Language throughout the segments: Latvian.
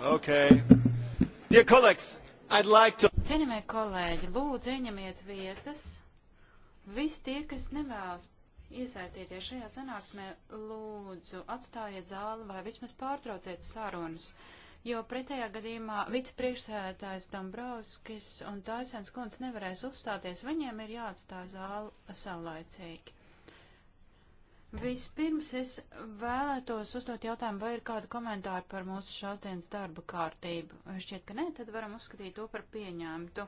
Okay. Dear colleagues, I'd like to... Cienījamie kolēģi, lūdzu ieņemiet vietas. Visi tie, kas nevēlas iesaistīties šajā sanāksmē, lūdzu atstājiet zāli vai vismaz pārtrauciet sarunas, jo pretējā gadījumā vicepriekšsēdētājs Dombrovskis un Taisens kundze nevarēs uzstāties, viņiem ir jāatstāj zāli saulaicīgi. Vispirms es vēlētos uzdot jautājumu, vai ir kāda komentāra par mūsu šās dienas darba kārtību. Šķiet, ka nē, tad varam uzskatīt to par pieņemtu.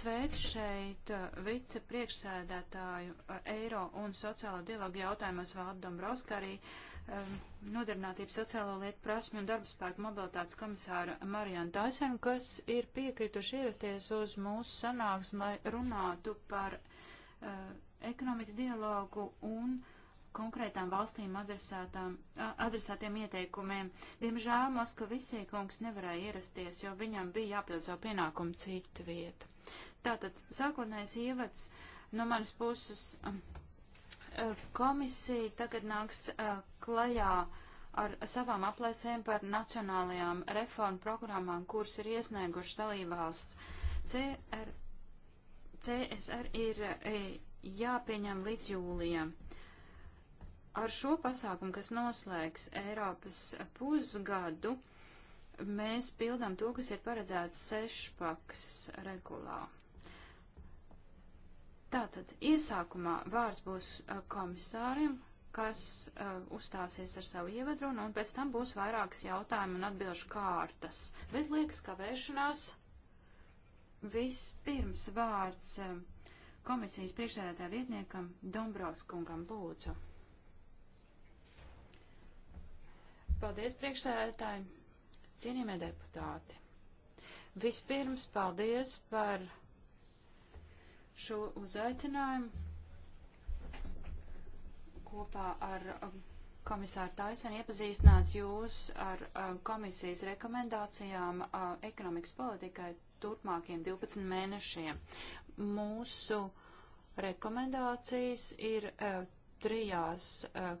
Sveicu šeit uh, vice priekšsēdētāju uh, Eiro un sociālo dialogu jautājumos Valdu Dombrovska arī um, nodarbinātības sociālo lietu prasmi un darbspēku mobilitātes komisāru Marianu Taisenu, kas ir piekrituši ierasties uz mūsu sanāksmi, lai runātu par uh, ekonomikas dialogu un uh, konkrētām valstīm adresētiem ieteikumiem. Diemžēl Moskavisī kungs nevarēja ierasties, jo viņam bija jāpild savu pienākumu citu vietu. Tātad sākotnējais ievads no manas puses komisija tagad nāks klajā ar savām aplēsēm par nacionālajām reformu programmām, kuras ir iesniegušas dalībvalsts. CR, CSR ir e, jāpieņem līdz jūlijam. Ar šo pasākumu, kas noslēgs Eiropas pusgadu, mēs pildām to, kas ir paredzēts sešpaks regulā. Tātad, iesākumā vārds būs komisāriem, kas uh, uzstāsies ar savu ievadrunu, un pēc tam būs vairākas jautājumu un atbilžu kārtas. Bez liekas kavēšanās vispirms vārds komisijas priekšsēdētāja vietniekam Dombrovskungam lūdzu. Paldies, priekšsēdētāji, cienījamie deputāti. Vispirms paldies par šo uzaicinājumu kopā ar um, komisāru Taisenu iepazīstināt jūs ar um, komisijas rekomendācijām uh, ekonomikas politikai turpmākiem 12 mēnešiem. Mūsu rekomendācijas ir uh, trijās uh,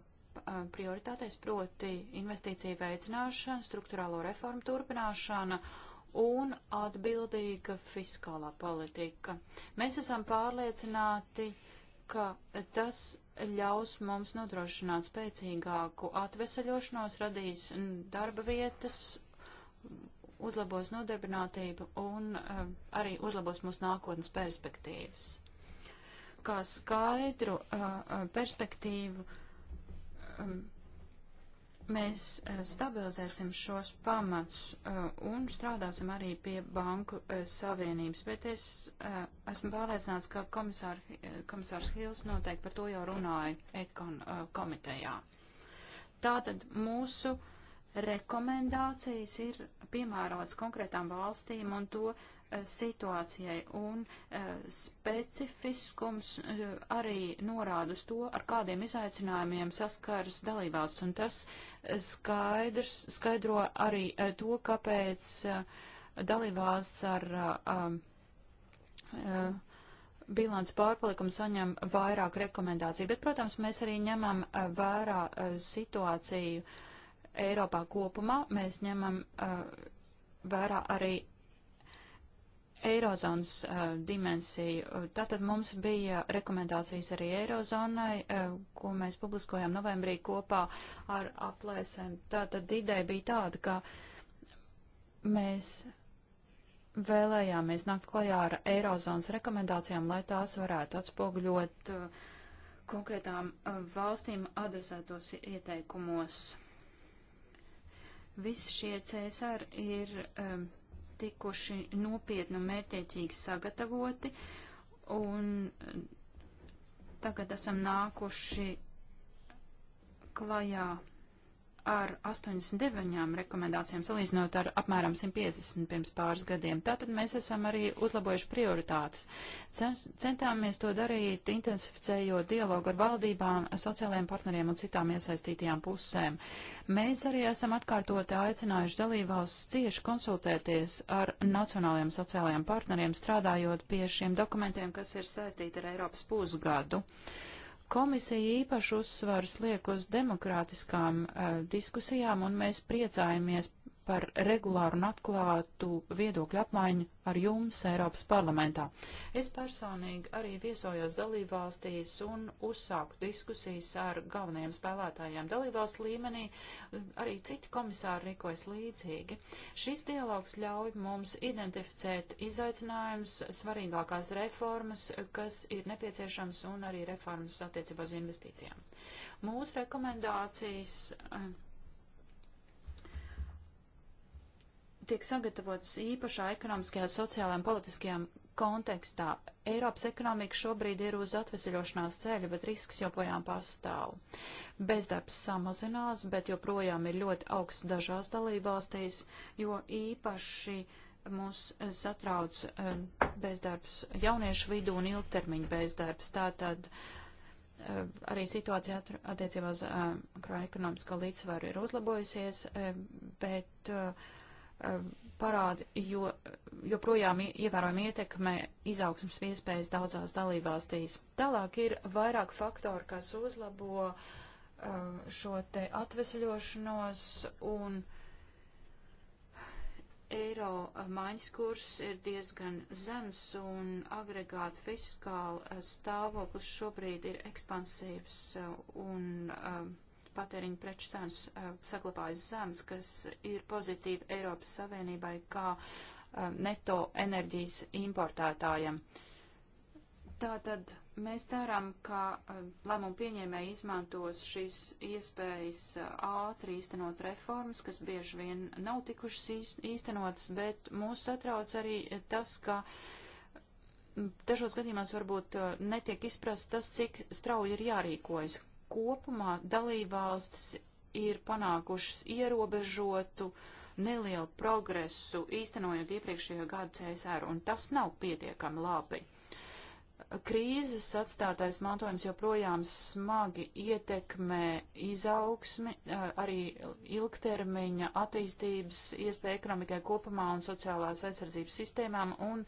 prioritātēs, proti investīciju veicināšana, struktūrālo reformu turpināšana un atbildīga fiskālā politika. Mēs esam pārliecināti, ka tas ļaus mums nodrošināt spēcīgāku atveseļošanos, radīs darba vietas, uzlabos nodarbinātību un uh, arī uzlabos mūsu nākotnes perspektīvas. Kā skaidru uh, perspektīvu uh, Um, mēs uh, stabilizēsim šos pamats uh, un strādāsim arī pie banku uh, savienības, bet es esmu pārliecināts, ka komisār, komisārs Hils noteikti par to jau runāja ekon komitejā. Tātad mūsu rekomendācijas ir piemērotas konkrētām valstīm un to uh, situācijai, un eh, specifiskums eh, arī norāda uz to, ar kādiem izaicinājumiem saskaras dalībās, un tas eh, skaidrs, skaidro arī to, kāpēc dalībās ar um, bilants pārpalikums saņem vairāk rekomendāciju, bet, protams, mēs arī ņemam vērā situāciju Eiropā kopumā, mēs ņemam vērā arī Eirozonas uh, dimensiju. Uh, tātad mums bija rekomendācijas arī Eirozonai, uh, ko mēs publiskojām novembrī kopā ar aplēsēm. Tātad ideja bija tāda, ka mēs vēlējāmies nākt klajā ar Eirozonas rekomendācijām, lai tās varētu atspoguļot uh, konkrētām uh, valstīm adresētos ieteikumos. Visi šie CSR ir um, tikuši nopietni un mērķiecīgi sagatavoti, un eh, tagad esam nākuši klajā ar 89 rekomendācijām salīdzinot ar apmēram 150 pirms pāris gadiem. Tātad mēs esam arī uzlabojuši prioritātes. Centāmies to darīt, intensificējot dialogu ar valdībām, sociālajiem partneriem un citām iesaistītajām pusēm. Mēs arī esam atkārtoti aicinājuši dalībvalsts cieši konsultēties ar nacionālajiem sociālajiem partneriem, strādājot pie šiem dokumentiem, kas ir saistīti ar Eiropas pusgadu. Uh, Komisija īpašu uzsvaru liek uz demokrātiskām uh, diskusijām, un mēs priecājamies par regulāru un atklātu viedokļu apmaiņu ar jums Eiropas parlamentā. Es personīgi arī viesojos dalībvalstīs un uzsāku diskusijas ar galvenajiem spēlētājiem dalībvalstu līmenī. Arī citi komisāri rīkojas līdzīgi. Šis dialogs ļauj mums identificēt izaicinājumus, svarīgākās reformas, kas ir nepieciešams un arī reformas attiecībā uz investīcijām. Mūsu rekomendācijas eh, tiek sagatavotas īpašā ekonomiskajā, sociālajā un politiskajā kontekstā. Eiropas ekonomika šobrīd ir uz atvesaļošanās ceļa, bet risks joprojām pastāv. Bezdarbs samazinās, bet joprojām ir ļoti augsts dažās dalībvalstīs, jo īpaši mūs eh, satrauc eh, bezdarbs jauniešu vidū un ilgtermiņa bezdarbs. Tātad eh, arī situācija attiecībā uz makroekonomisko līdzsvaru ir uzlabojusies, bet uh, Um, parādi, jo joprojām ievērojami ietekmē izaugsmas iespējas daudzās dalībvalstīs. Tālāk ir vairāk faktori, kas uzlabo uh, šo te atvesļošanos un eiro uh, maiņas kurs ir diezgan zems un agregāta fiskāla uh, stāvoklis šobrīd ir ekspansīvs un uh, patēriņu preču cenas uh, eh, saglabājas zemes, kas ir pozitīvi Eiropas Savienībai kā uh, neto enerģijas importētājam. Tātad mēs ceram, ka uh, lēmumu pieņēmēji izmantos šīs iespējas ātri īstenot reformas, kas bieži vien nav tikušas īstenotas, bet mūs satrauc arī tas, ka dažos gadījumos varbūt netiek izprast tas, cik strauji ir jārīkojas, kopumā dalībvalstis ir panākušas ierobežotu nelielu progresu, īstenojot iepriekšējo gadu CSR, un tas nav pietiekami labi krīzes atstātais mantojums joprojām smagi ietekmē izaugsmi, arī ilgtermiņa attīstības iespēja ekonomikai kopumā un sociālās aizsardzības sistēmām, un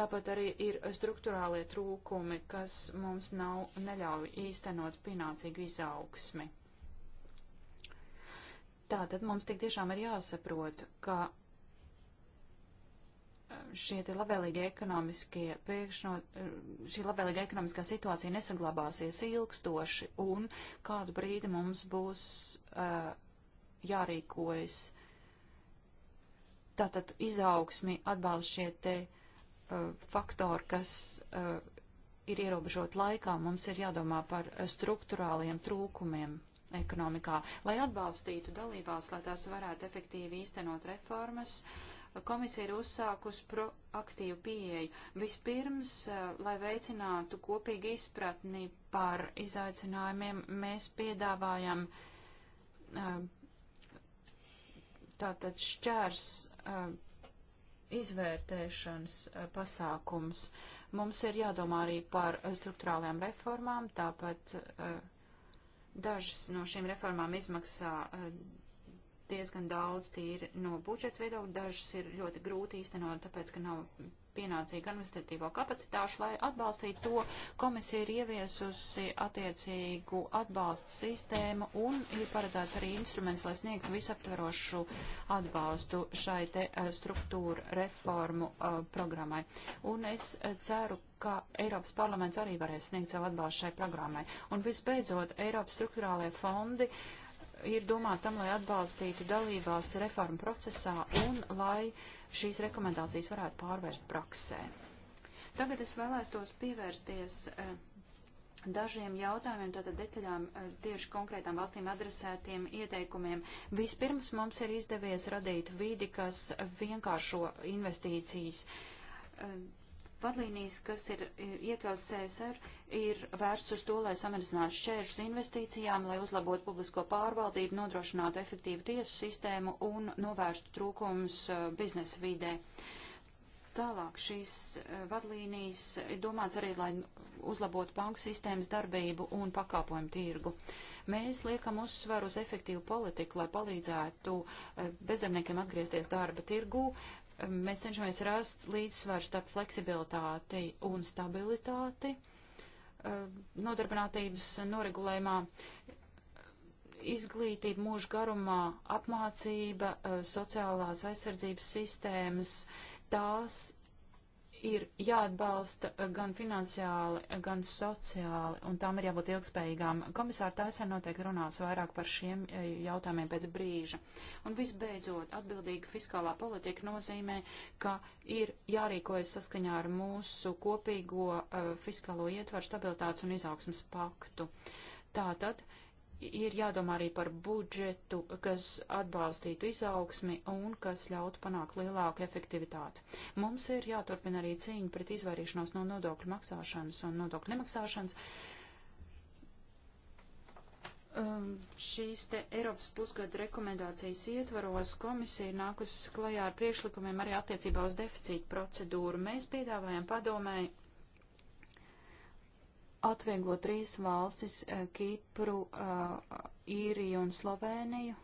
tāpat arī ir struktūrālie trūkumi, kas mums nav neļauj īstenot pienācīgu izaugsmi. Tātad mums tik tiešām ir jāsaprot, ka šie te labvēlīgie ekonomiskie priekšnot, šī labvēlīga ekonomiskā situācija nesaglabāsies ilgstoši un kādu brīdi mums būs uh, jārīkojas. Tātad izaugsmi atbalsta šie te uh, faktori, kas uh, ir ierobežot laikā, mums ir jādomā par struktūrāliem trūkumiem ekonomikā, lai atbalstītu dalībās, lai tās varētu efektīvi īstenot reformas. Uh, komisija ir uzsākusi proaktīvu pieeju. Vispirms, eh, lai veicinātu kopīgi izpratni par izaicinājumiem, mēs piedāvājam eh, tātad šķērs eh, izvērtēšanas pasākums. Mums ir jādomā arī par struktūrālajām reformām, tāpat dažas no šīm reformām izmaksā diezgan daudz tīri no budžeta viedokļa, dažas ir ļoti grūti īstenot, tāpēc, ka nav pienācīga administratīvo kapacitāšu, lai atbalstītu to, komisija ir ieviesusi attiecīgu atbalsta sistēmu un ir paredzēts arī instruments, lai sniegtu visaptverošu atbalstu šai te eh, struktūra reformu uh, programmai. Un es eh, ceru, ka Eiropas parlaments arī varēs sniegt savu atbalstu šai programmai. Un visbeidzot, Eiropas struktūrālajie fondi uh, ir domāti tam, lai atbalstītu dalībās reformu procesā un lai šīs rekomendācijas varētu pārvērst praksē. Tagad es vēlētos pievērsties eh, dažiem jautājumiem, tātad detaļām eh, tieši konkrētām valstīm adresētiem ieteikumiem. Vispirms mums ir izdevies radīt vidi, kas vienkāršo investīcijas eh, Vadlīnijas, kas ir iekļauts CSR, ir vērsts uz to, lai samazinātu šķēršus investīcijām, lai uzlabotu publisko pārvaldību, nodrošinātu efektīvu tiesu sistēmu un novērstu trūkumus e, biznesa vidē. Tālāk šīs e, vadlīnijas ir domāts arī, lai uzlabotu banku sistēmas darbību un pakalpojumu tirgu. Mēs liekam uzsvaru uz efektīvu politiku, lai palīdzētu e, bezdarbniekiem atgriezties darba tirgū, uh, mēs cenšamies rast līdzsvaru starp fleksibilitāti un stabilitāti eh, nodarbinātības noregulējumā. Izglītība mūža garumā, apmācība, eh, sociālās aizsardzības sistēmas, tās ir jāatbalsta gan finansiāli, gan sociāli, un tām ir jābūt ilgspējīgām. Komisāra Taisē noteikti runās vairāk par šiem eh, jautājumiem pēc brīža. Un visbeidzot, atbildīga fiskālā politika nozīmē, ka ir jārīkojas saskaņā ar mūsu kopīgo uh, fiskālo ietvaru stabilitātes un izaugsmas paktu. Tātad ir jādomā arī par budžetu, kas atbalstītu izaugsmi un kas ļautu panākt lielāku efektivitāti. Mums ir jāturpina arī cīņa pret izvairīšanos no nodokļu maksāšanas un nodokļu nemaksāšanas. Um, šīs te Eiropas pusgada rekomendācijas ietvaros komisija nākus klajā ar priekšlikumiem arī attiecībā uz deficītu procedūru. Mēs piedāvājam padomēji atvieglo trīs valstis eh, - Kipru, eh, Īriju un Slovēniju.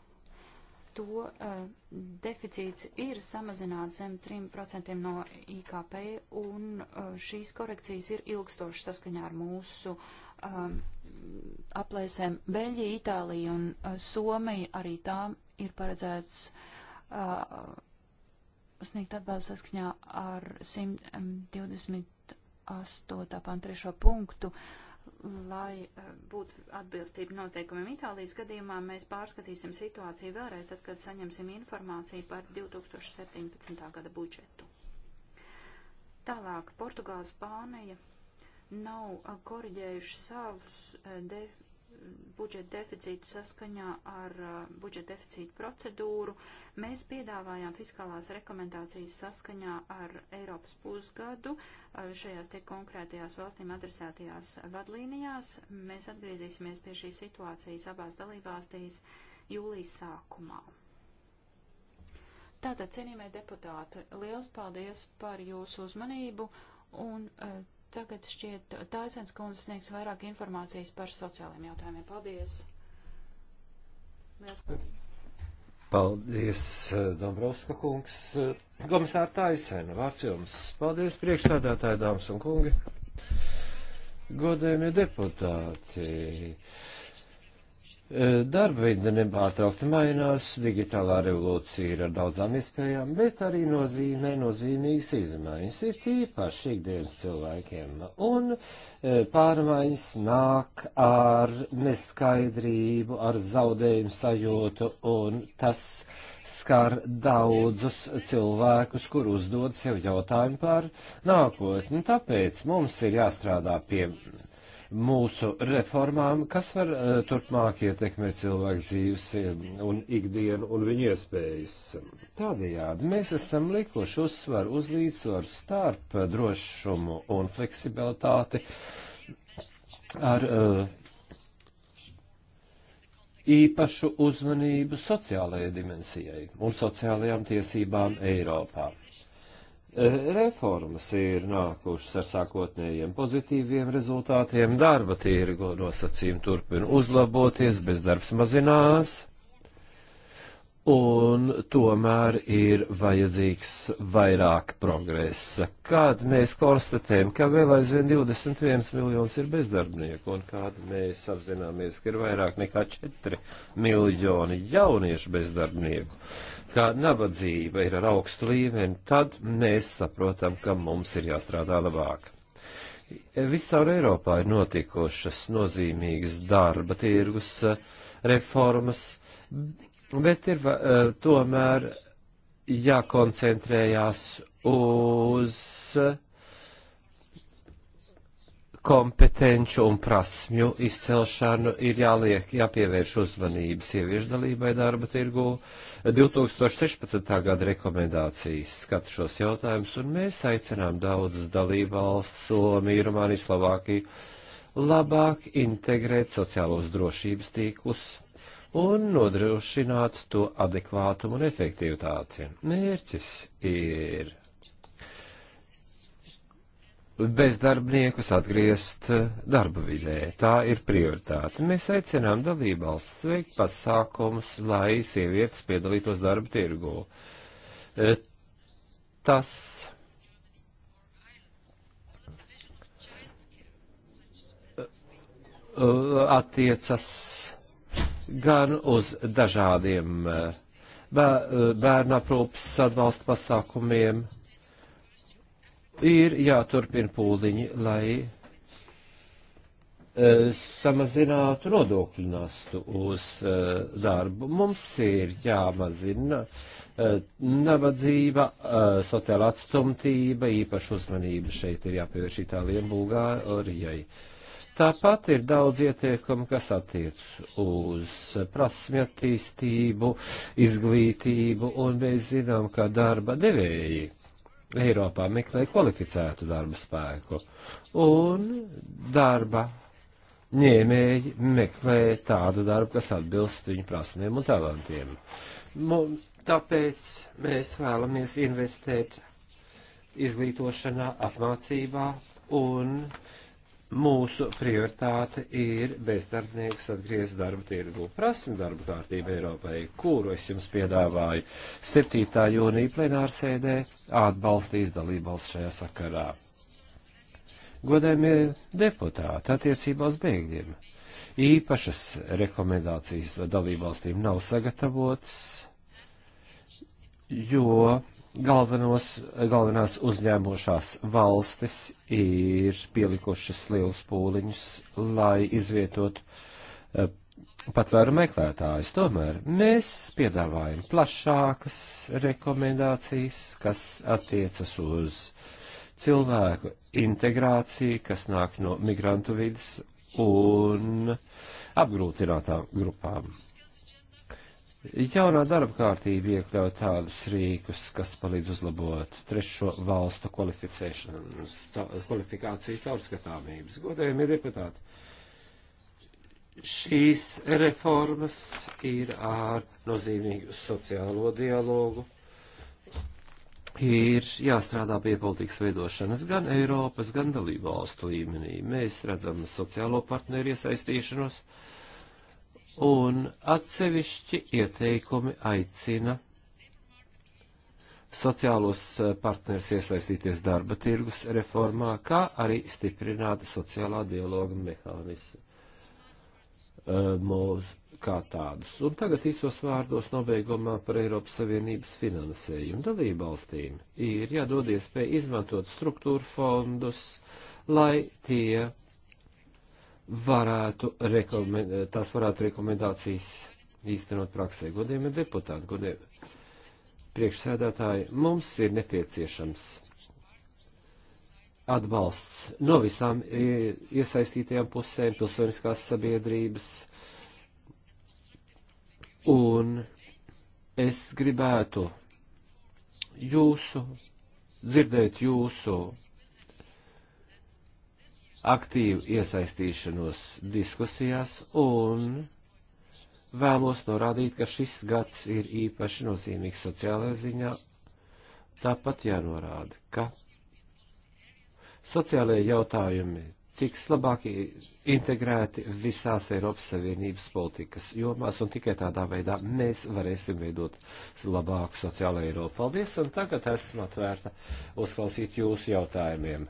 To eh, deficīts ir samazināts zem 3% no IKP, un šīs korekcijas ir ilgstošas saskaņā ar mūsu aplēsēm. Beļģija, Itālija un Somija arī tām ir paredzēts sniegt atbalstu saskaņā ar 120 8. pānta 3. punktu, lai eh, būtu atbilstība noteikumiem Itālijas gadījumā, mēs pārskatīsim situāciju vēlreiz, tad, kad saņemsim informāciju par 2017. gada budžetu. Tālāk, Portugāla, Spānija nav koriģējuši savus eh, de, budžeta deficītu saskaņā ar uh, budžeta deficītu procedūru. Mēs piedāvājām fiskālās rekomendācijas saskaņā ar Eiropas pusgadu uh, šajās te konkrētajās valstīm adresētajās vadlīnijās. Mēs atgriezīsimies pie šīs situācijas abās dalībvalstīs jūlijas sākumā. Tātad, cienījamie deputāti, liels paldies par jūsu uzmanību un uh, Tagad šķiet Taisens kundze sniegs vairāk informācijas par sociālajiem jautājumiem. Paldies! Liels paldies! Paldies, Dombrovska kungs! Komisār Taisen, vārds jums! Paldies, priekšsādātāji, dāmas un kungi! Godējumie deputāti! Darba veidi nepārtraukti mainās, digitālā revolūcija ir ar daudzām iespējām, bet arī nozīmē nozīmīgas izmaiņas, ir tīpaši ikdienas cilvēkiem. Un e, pārmaiņas nāk ar neskaidrību, ar zaudējumu sajūtu, un tas skar daudzus cilvēkus, kur uzdod sev jautājumu par nākotni. Tāpēc mums ir jāstrādā pie mūsu reformām, kas var eh, turpmāk ietekmēt cilvēku dzīves eh, un ikdienu un viņu iespējas. Tādējādi mēs esam likuši uzsvaru uz līdzsvaru starp drošumu un fleksibilitāti ar uh, īpašu uzmanību sociālajai dimensijai un sociālajām tiesībām Eiropā. Reformas ir nākušas ar sākotnējiem pozitīviem rezultātiem, darba tirgu nosacījumi turpina uzlaboties, bezdarbs mazinās, un tomēr ir vajadzīgs vairāk progresa. Kad mēs konstatējam, ka vēl aizvien 21 miljonus ir bezdarbnieku, un kad mēs apzināmies, ka ir vairāk nekā 4 miljoni jauniešu bezdarbnieku ka nabadzība ir ar augstu līmeni, tad mēs saprotam, ka mums ir jāstrādā labāk. Viscaur Eiropā ir notikušas nozīmīgas darba tirgus eh, reformas, bet ir eh, tomēr jākoncentrējās uz kompetenču un prasmju izcelšanu ir jāliek, jāpievērš uzmanība sieviešu dalībai darba tirgu. 2016. gada rekomendācijas skata šos jautājumus, un mēs aicinām daudzas dalību valsts, Somiju, Rumāniju, Slovākiju, labāk integrēt sociālos drošības tīklus un nodrošināt to adekvātumu un efektivitāti. Mērķis ir bezdarbniekus atgriezt eh, darba vidē. Tā ir prioritāte. Mēs aicinām dalībvalsts veikt pasākumus, lai sievietes piedalītos darba tirgū. Eh, tas eh, attiecas gan uz dažādiem bērnu aprūpas atbalsta pasākumiem, ir jāturpina pūliņi, lai e, samazinātu nodokļu nastu uz uh, darbu. Mums ir jāmazina uh, nabadzība, uh, sociāla atstumtība, īpaša uzmanība šeit ir jāpievērš Itālijai un Bulgārijai. Tāpat ir daudz ieteikumu, kas attiec uz prasmi attīstību, izglītību, un mēs zinām, ka darba devēji Eiropā meklē kvalificētu darba spēku, un darba ņēmēji meklē tādu darbu, kas atbilst viņu prasmēm un talantiem. Mum, tāpēc mēs vēlamies investēt izglītošanā, apmācībā un uh, Mūsu prioritāte ir bezdarbnieks atgriezt darba tirgu. Prasmi darba kārtība Eiropai, kuru es jums piedāvāju 7. jūnija plenārsēdē, atbalstīs dalībvalsts šajā sakarā. Godējumie deputāti attiecībā uz bēgļiem. Īpašas rekomendācijas dalībvalstīm nav sagatavotas, jo galvenos, galvenās uzņēmošās valstis ir pielikušas lielus pūliņus, lai izvietotu uh, patvēru meklētājus. Tomēr mēs piedāvājam plašākas rekomendācijas, kas attiecas uz cilvēku integrāciju, kas nāk no migrantu vidas un apgrūtinātām grupām. Jaunā darba kārtība iekļauj tādus rīkus, kas palīdz uzlabot trešo valstu kvalificēšanas, kvalifikāciju caurskatāmības. Godējumie deputāti, šīs reformas ir ar nozīmīgu sociālo dialogu. Ir jāstrādā pie politikas veidošanas gan Eiropas, gan dalību valstu līmenī. Mēs redzam sociālo partneru iesaistīšanos. Ja un atsevišķi ieteikumi aicina sociālos eh, partners iesaistīties darba tirgus reformā, kā arī stiprināt sociālā dialoga mehānismu eh, mūs kā tādus. Un tagad īsos vārdos nobeigumā par Eiropas Savienības finansējumu dalību valstīm ir jādod iespēja izmantot struktūra fondus, lai tie varētu rekomendēt, tās varētu rekomendācijas īstenot praksē. Godiem ir deputāti, godiem priekšsēdētāji, mums ir nepieciešams atbalsts no visām e, iesaistītajām pusēm, pilsoniskās sabiedrības. Un es gribētu jūsu, dzirdēt jūsu aktīvu iesaistīšanos diskusijās un vēlos norādīt, ka šis gads ir īpaši nozīmīgs sociālajā ziņā. Tāpat jānorāda, ka sociālajie jautājumi tiks labāk integrēti visās Eiropas Savienības politikas jomās, un tikai tādā veidā mēs varēsim veidot labāku sociālo Eiropu. Paldies, un tagad esmu atvērta uzklausīt jūsu jautājumiem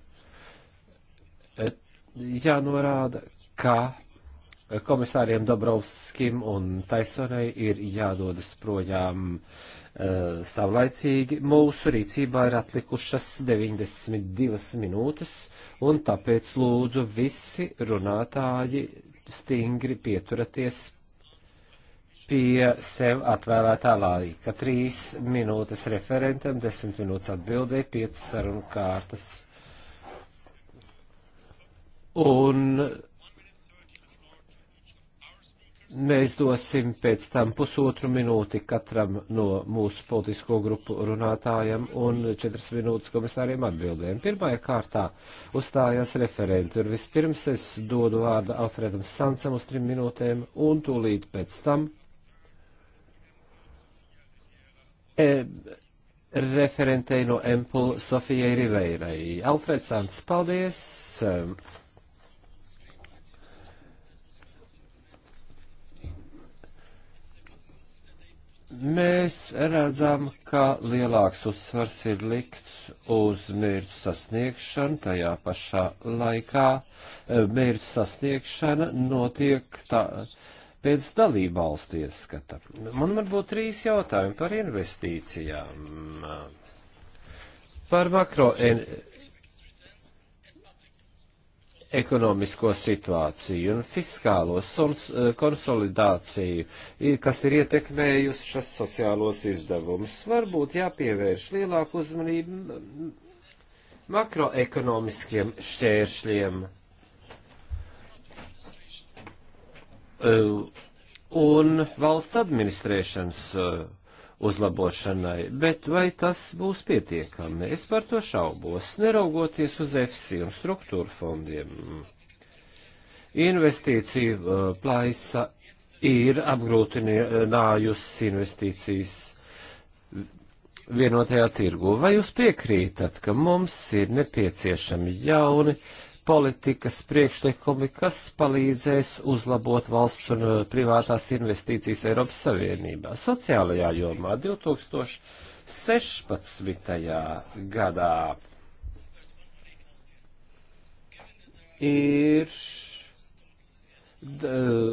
jānorāda, ka komisāriem Dobrovskim un Taisonai ir jādodas projām uh, savlaicīgi. Mūsu rīcībā ir atlikušas 92 minūtes, un tāpēc lūdzu visi runātāji stingri pieturaties pie sev atvēlētā laika. Trīs minūtes referentam, desmit minūtes atbildēji, piecas sarunu kārtas Un Mēs dosim pēc tam pusotru minūti katram no mūsu politisko grupu runātājiem un četras minūtes komisāriem atbildēm. Pirmajā kārtā uzstājās referenti, un vispirms es dodu vārdu Alfredam Sansam uz trim minūtēm, un tūlīt pēc tam e, referentei no Empul Sofijai Riveirai. Alfred Sans, paldies! E, mēs redzam, ka lielāks uzsvars ir likts uz mērķu sasniegšanu, tajā pašā laikā eh, mērķu sasniegšana notiek tā, pēc dalībvalstu ieskata. Man varbūt trīs jautājumi par investīcijām, par makro ekonomisko situāciju un fiskālo eh, konsolidāciju, kas ir ietekmējusi šos sociālos izdevumus. Varbūt jāpievērš lielāku uzmanību makroekonomiskiem šķēršļiem. Eh, un valsts administrēšanas uh, uzlabošanai, bet vai tas būs pietiekami? Es par to šaubos, neraugoties uz EFSI un struktūra fondiem. Investīcija uh, plaisa ir apgrūtinājusi investīcijas vienotajā tirgu. Vai jūs piekrītat, ka mums ir nepieciešami jauni? Uh, politikas priekšlikumi, kas palīdzēs uzlabot valsts un uh, privātās investīcijas Eiropas Savienībā. Sociālajā jomā 2016. gadā ir uh,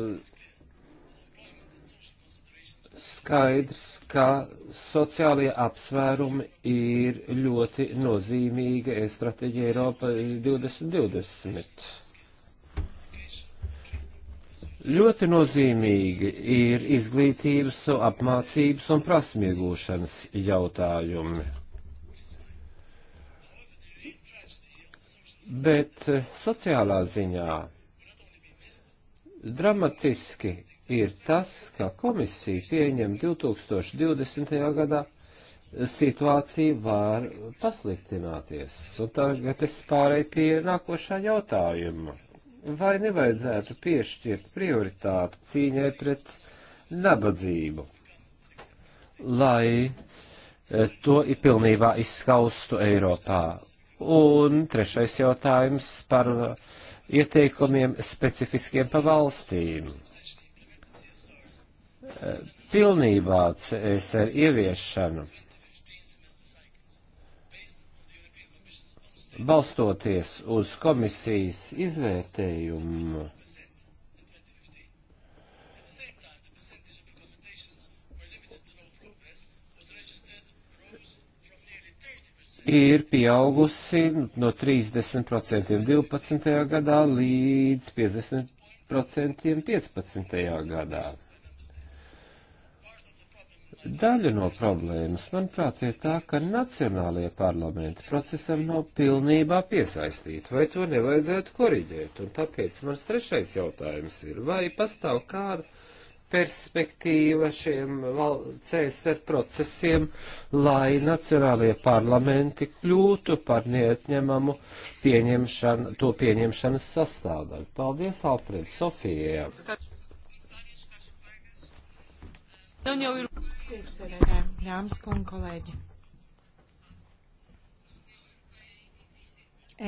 skaidrs ka sociālie apsvērumi ir ļoti nozīmīga strateģija Eiropa 2020. Ļoti nozīmīgi ir izglītības, apmācības un prasmiegūšanas jautājumi. Bet sociālā ziņā dramatiski ir tas, ka komisija pieņem 2020. gadā situācija var pasliktināties. Un tagad es pārēju pie nākošā jautājuma. Vai nevajadzētu piešķirt prioritāti cīņai pret nabadzību, lai e, to ir pilnībā izskaustu Eiropā? Un trešais jautājums par ieteikumiem specifiskiem pa valstīm pilnībā CSR ieviešanu, balstoties uz komisijas izvērtējumu, ir pieaugusi no 30% 12. gadā līdz 50% 15. gadā. Daļa no problēmas, manuprāt, ir tā, ka nacionālajie parlamenti procesam nav pilnībā piesaistīti, vai to nevajadzētu koriģēt. Un tāpēc mans trešais jautājums ir, vai pastāv kāda perspektīva šiem CSR procesiem, lai nacionālajie parlamenti kļūtu par neatņemamu pieņemšanu, to pieņemšanas sastāvdaļu. Paldies, Alfred, Sofijai! Un jau ir priekšsēdētāji, Jānis Kunga kolēģi.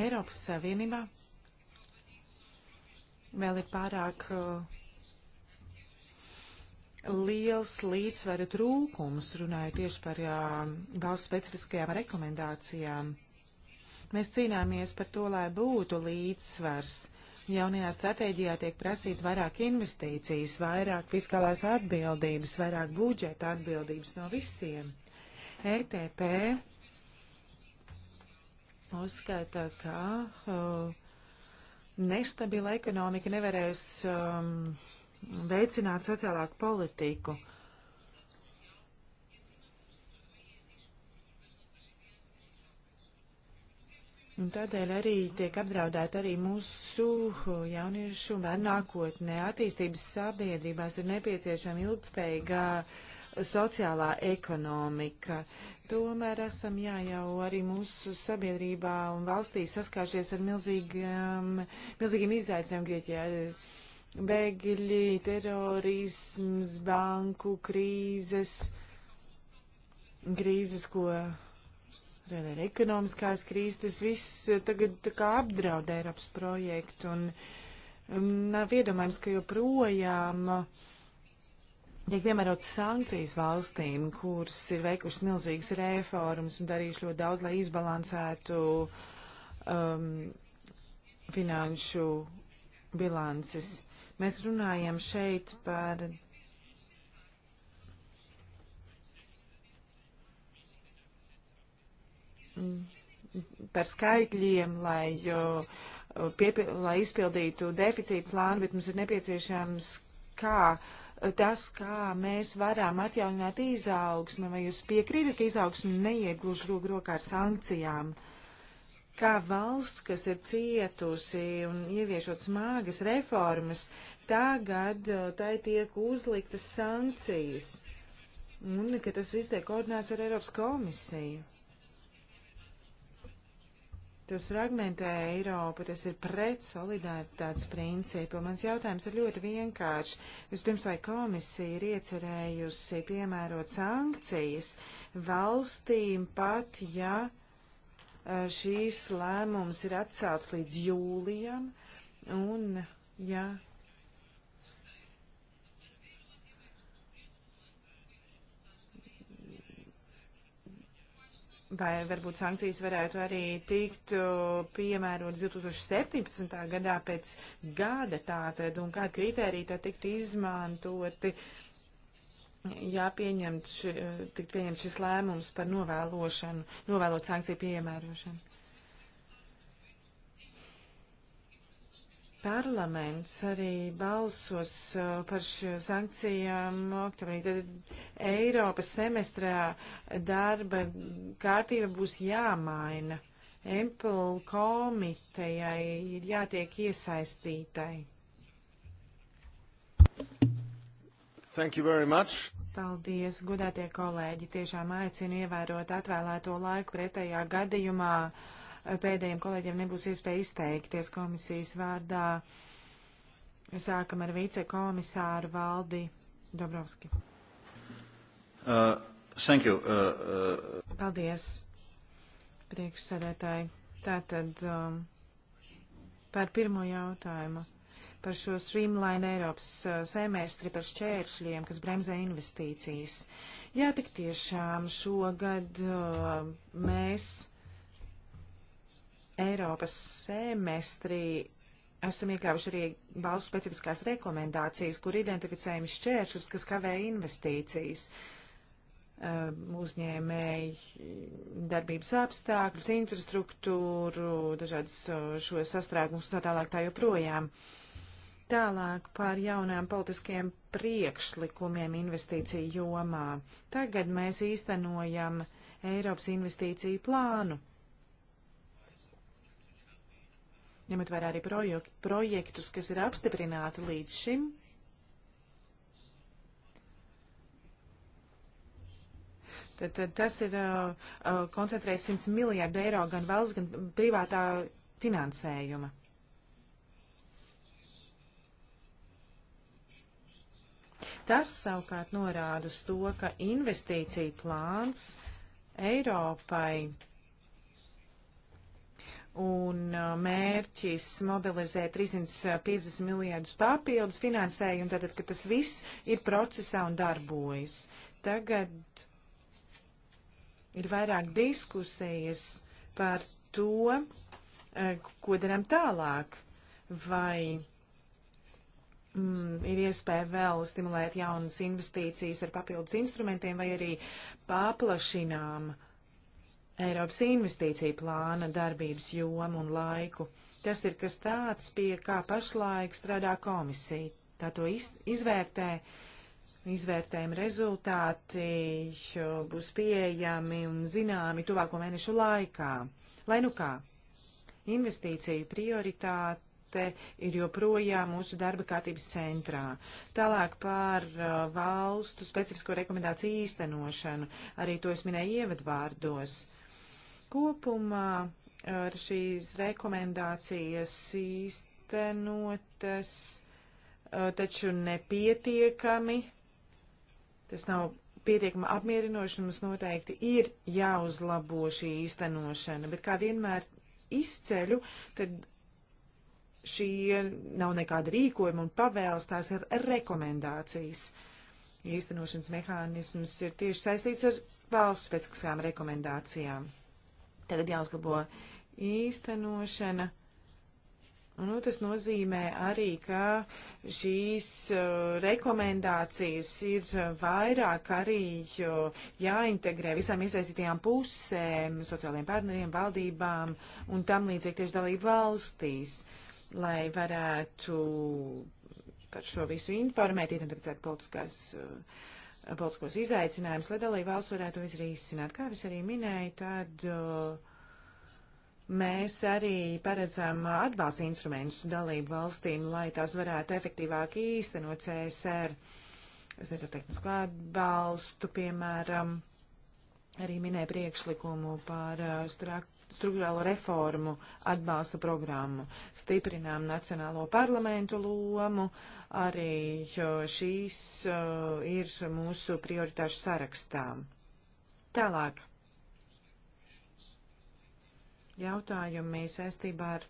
Eiropas Savienībā vēl ir pārāk uh, liels līdzsvera trūkums, runāju tieši par jā, valsts specifiskajām rekomendācijām. Mēs cīnāmies par to, lai būtu līdzsvars Jaunajā stratēģijā tiek prasīts vairāk investīcijas, vairāk fiskālās atbildības, vairāk budžeta atbildības no visiem. ETP uzskata, ka uh, nestabila ekonomika nevarēs um, veicināt sociālāku politiku. Uh, Un tādēļ arī tiek apdraudēta arī mūsu jauniešu un bērnu nākotnē. Attīstības sabiedrībās ir nepieciešama ilgspējīga sociālā ekonomika. Tomēr esam jā, jau arī mūsu sabiedrībā un valstī saskāršies ar milzīgiem, milzīgiem izaicinājumiem Grieķijā. Bēgļi, terorisms, banku krīzes, krīzes, ko Tur ir ekonomiskās krīzes, tas viss eh, tagad tā kā apdraud Eiropas projektu un um, nav iedomājams, ka joprojām eh, tiek piemērotas sankcijas valstīm, kuras ir veikušas milzīgas reformas un darījuši ļoti daudz, lai izbalansētu um, finanšu bilances. Mēs runājam šeit par par skaitļiem, lai, piepi, lai izpildītu deficītu plānu, bet mums ir nepieciešams kā tas, kā mēs varam atjaunināt izaugsmi, vai jūs piekrītat, ka izaugsmi neiet gluži roku rokā ar sankcijām. Kā valsts, kas ir cietusi un ieviešot smagas reformas, tagad uh, tai tiek uzliktas sankcijas. Un ka tas viss tiek koordinēts ar Eiropas komisiju. Tas fragmentē Eiropu, tas ir pret solidaritātes principu. Mans jautājums ir ļoti vienkāršs. Vispirms, vai komisija ir iecerējusi piemērot sankcijas valstīm pat, ja eh, šīs lēmums ir atcelts līdz jūlijam un ja Vai varbūt sankcijas varētu arī tikt piemērotas 2017. gadā pēc gada tātad, un kāda kriterija tā tiktu izmantoti, ja pieņemt, ši, tikt pieņemt šis lēmums par novēlošanu, novēlot sankciju piemērošanu? parlaments arī balsos uh, par šo sankcijām oktobrī. Tad Eiropas semestrā darba kārtība būs jāmaina. Empel komitejai ir jātiek iesaistītai. Thank you very much. Paldies, godātie kolēģi. Tiešām aicinu ievērot atvēlēto laiku pretējā gadījumā. Uh, pēdējiem kolēģiem nebūs iespēja izteikties komisijas vārdā. Sākam ar vicekomisāru Valdi Dobrovski. Uh, thank you. Uh, uh... Paldies, priekšsēdētāji. Tātad um, par pirmo jautājumu par šo streamline Eiropas uh, semestri, par šķēršļiem, kas bremzē investīcijas. Jā, tik tiešām šogad uh, mēs Eiropas semestrī esam iekļāvuši arī valsts specifiskās rekomendācijas, kur identificējam šķēršļus, kas kavē investīcijas, um, uzņēmēji darbības apstākļus, infrastruktūru, dažādas uh, šo sastrēgumus un tā tālāk tā joprojām. Tālāk par jaunām politiskiem priekšlikumiem investīciju jomā. Tagad mēs īstenojam Eiropas investīciju plānu ņemot vērā arī projektus, kas ir apstiprināti līdz šim. Tad, tad tas ir uh, koncentrējis 100 miljārdu eiro gan valsts, gan privātā finansējuma. Tas savukārt norāda uz to, ka investīcija plāns Eiropai un uh, mērķis mobilizēt 350 miljardus papildus finansējumu, tātad, ka tas viss ir procesā un darbojas. Tagad ir vairāk diskusijas par to, uh, ko darām tālāk, vai mm, ir iespēja vēl stimulēt jaunas investīcijas ar papildus instrumentiem, vai arī paplašinām uh, Eiropas investīcija plāna darbības jomu un laiku. Tas ir kas tāds, pie kā pašlaik strādā komisija. Tā to iz, izvērtē, izvērtējuma rezultāti būs pieejami un zināmi tuvāko mēnešu laikā. Lai nu kā, investīciju prioritāte ir joprojām mūsu darba kārtības centrā. Tālāk par uh, valstu specifisko rekomendāciju īstenošanu, arī to es minēju ievadvārdos. Uh, Kopumā ar šīs rekomendācijas īstenotas, taču nepietiekami. Tas nav pietiekami apmierinoši, mums noteikti ir jāuzlabo šī īstenošana, bet kā vienmēr izceļu, tad šie nav nekāda rīkojuma un pavēles, tās ir rekomendācijas. Īstenošanas mehānisms ir tieši saistīts ar valsts pēcmaksām rekomendācijām. Tagad jāuzlabo īstenošana. Nu, tas nozīmē arī, ka šīs uh, rekomendācijas ir vairāk arī uh, jāintegrē visām iesaistītajām pusēm, sociālajiem partneriem, valdībām un tam līdzīgi tieši dalību valstīs, lai varētu par šo visu informēt, identificēt politiskās uh, politiskos izaicinājumus, lai dalība valsts varētu visu risināt. Kā es arī minēju, tad uh, mēs arī paredzam atbalsta instrumentus dalību valstīm, lai tās varētu efektīvāk īstenot CSR. Es nezinu, tehnisko atbalstu, piemēram, arī minēja priekšlikumu par uh, strak struktūrālo reformu atbalsta programmu. Stiprinām Nacionālo parlamentu lomu, arī šīs uh, ir mūsu prioritāšu sarakstā. Tālāk. Jautājumi saistībā ar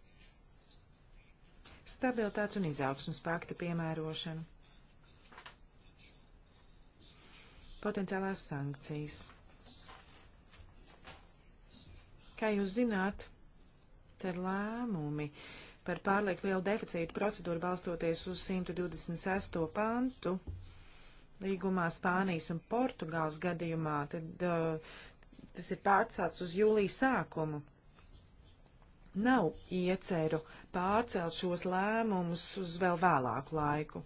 stabilitātes un izaugsmas pakta piemērošanu. Potenciālās sankcijas. Kā jūs zināt, tad lēmumi par pārlieku lielu deficītu procedūru balstoties uz 126. pantu līgumā Spānijas un Portugāles gadījumā, tad uh, tas ir pārcelts uz jūlija sākumu. Nav ieceru pārcelt šos lēmumus uz vēl vēlāku laiku.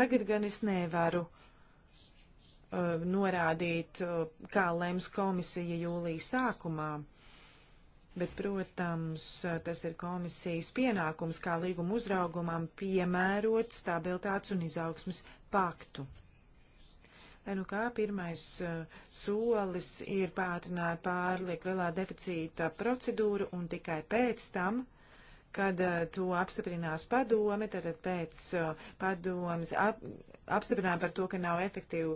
Tagad gan es nevaru uh, norādīt, uh, kā lems komisija jūlija sākumā. Bet, protams, tas ir komisijas pienākums kā līguma uzraugumam piemērot stabilitātes un izaugsmas paktu. Lai nu kā pirmais eh, solis ir pātrināt pārliek lielā deficīta procedūru un tikai pēc tam kad uh, to apstiprinās padome, tad pēc uh, eh, padomas ap, apstiprinājuma par to, ka nav efektīvu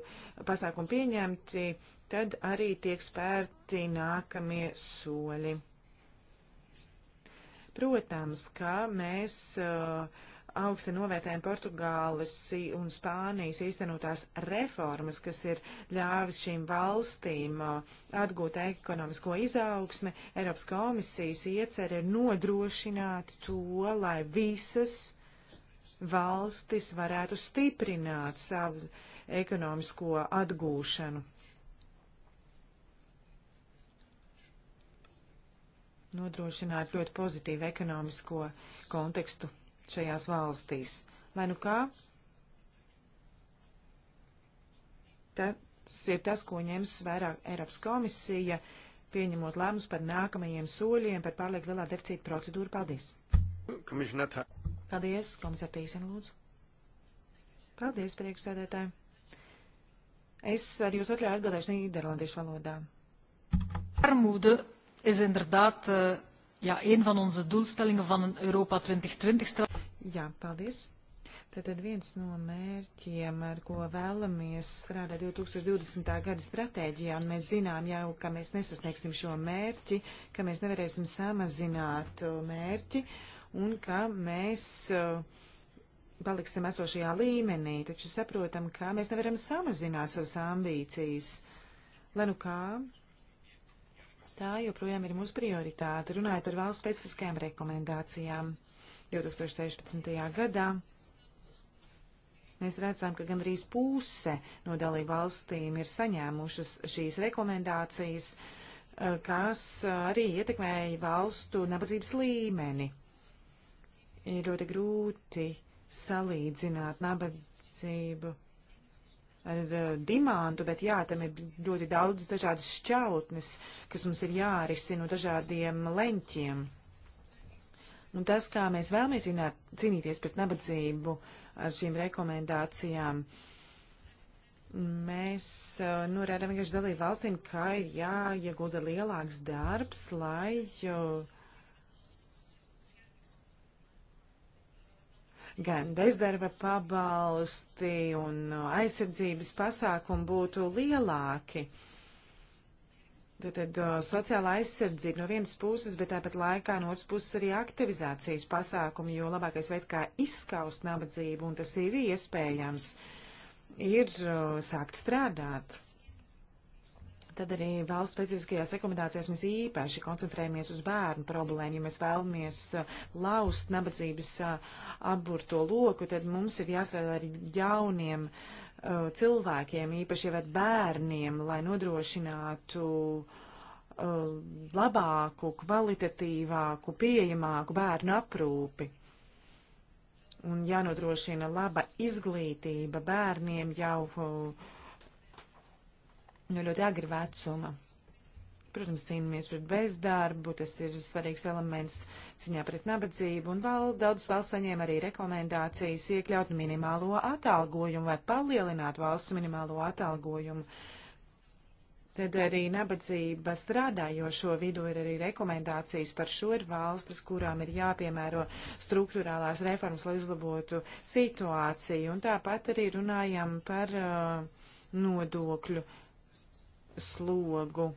pasākumu pieņemti, tad arī tiek spērti nākamie soļi. Protams, ka mēs uh, augsti novērtējam Portugāles un Spānijas īstenotās reformas, kas ir ļāvis šīm valstīm uh, atgūt ekonomisko izaugsmi. Eiropas komisijas iecer ir nodrošināt to, lai visas valstis varētu stiprināt savu ekonomisko atgūšanu. nodrošināt ļoti pozitīvu ekonomisko kontekstu šajās valstīs. Lai nu kā, tas ir tas, ko ņems vērā Eiropas komisija, pieņemot lēmumus par nākamajiem soļiem par pārlieku lielā deficīta procedūru. Paldies! Komisionātā. Paldies, komisār Tīsen, lūdzu. Paldies, priekšsēdētāji. Es ar jūs atļauju atbildēšu Nīderlandiešu valodā. Armūda is inderdaad uh, ja, een van onze doelstellingen van een Europa 2020-strategie. Jā, paldies. Tātad viens no mērķiem, ar ko vēlamies strādāt 2020. gada stratēģijā, un mēs zinām jau, ka mēs nesasniegsim šo mērķi, ka mēs nevarēsim samazināt eh, mērķi, un ka mēs uh, paliksim esošajā līmenī, taču saprotam, ka mēs nevaram samazināt savas ambīcijas. Lai nu kā, Tā joprojām ir mūsu prioritāte, runājot par valsts specifiskajām rekomendācijām. 2016. gadā mēs redzam, ka gandrīz puse no dalību valstīm ir saņēmušas šīs rekomendācijas, eh, kas eh, arī ietekmēja valstu nabadzības līmeni. Ir ļoti grūti salīdzināt nabadzību ar eh, dimantu, bet jā, tam ir ļoti daudz dažādas šķautnes, kas mums ir jārisina no dažādiem leņķiem. Un nu, tas, kā mēs vēlamies zināt, cīnīties pret nabadzību ar šīm rekomendācijām, mēs eh, norādām nu, vienkārši dalību valstīm, ka jāiegulda lielāks darbs, lai. Uh, gan bezdarba pabalsti un aizsardzības pasākumi būtu lielāki. Tātad uh, sociālā aizsardzība no vienas puses, bet tāpat laikā no otras puses arī aktivizācijas pasākumi, jo labākais veids, kā izskaust nabadzību, un tas ir iespējams, ir uh, sākt strādāt. Tad arī valsts specifiskajās rekomendācijās mēs īpaši koncentrējamies uz bērnu problēmu. Ja mēs vēlamies uh, laust nabadzības uh, apburto loku, tad mums ir jāstrādā ar jauniem uh, cilvēkiem, īpaši jau ar bērniem, lai nodrošinātu uh, labāku, kvalitatīvāku, pieejamāku bērnu aprūpi un jānodrošina laba izglītība bērniem jau uh, no ļoti agri vecuma. Protams, cīnāmies pret bezdarbu, tas ir svarīgs elements ciņā pret nabadzību, un vēl daudz valsts saņēma arī rekomendācijas iekļaut minimālo atalgojumu vai palielināt valsts minimālo atalgojumu. Tad arī nabadzība strādājošo vidū ir arī rekomendācijas par šo ir valstis, kurām ir jāpiemēro struktūrālās reformas, lai uzlabotu situāciju. Un tāpat arī runājam par uh, nodokļu slogu,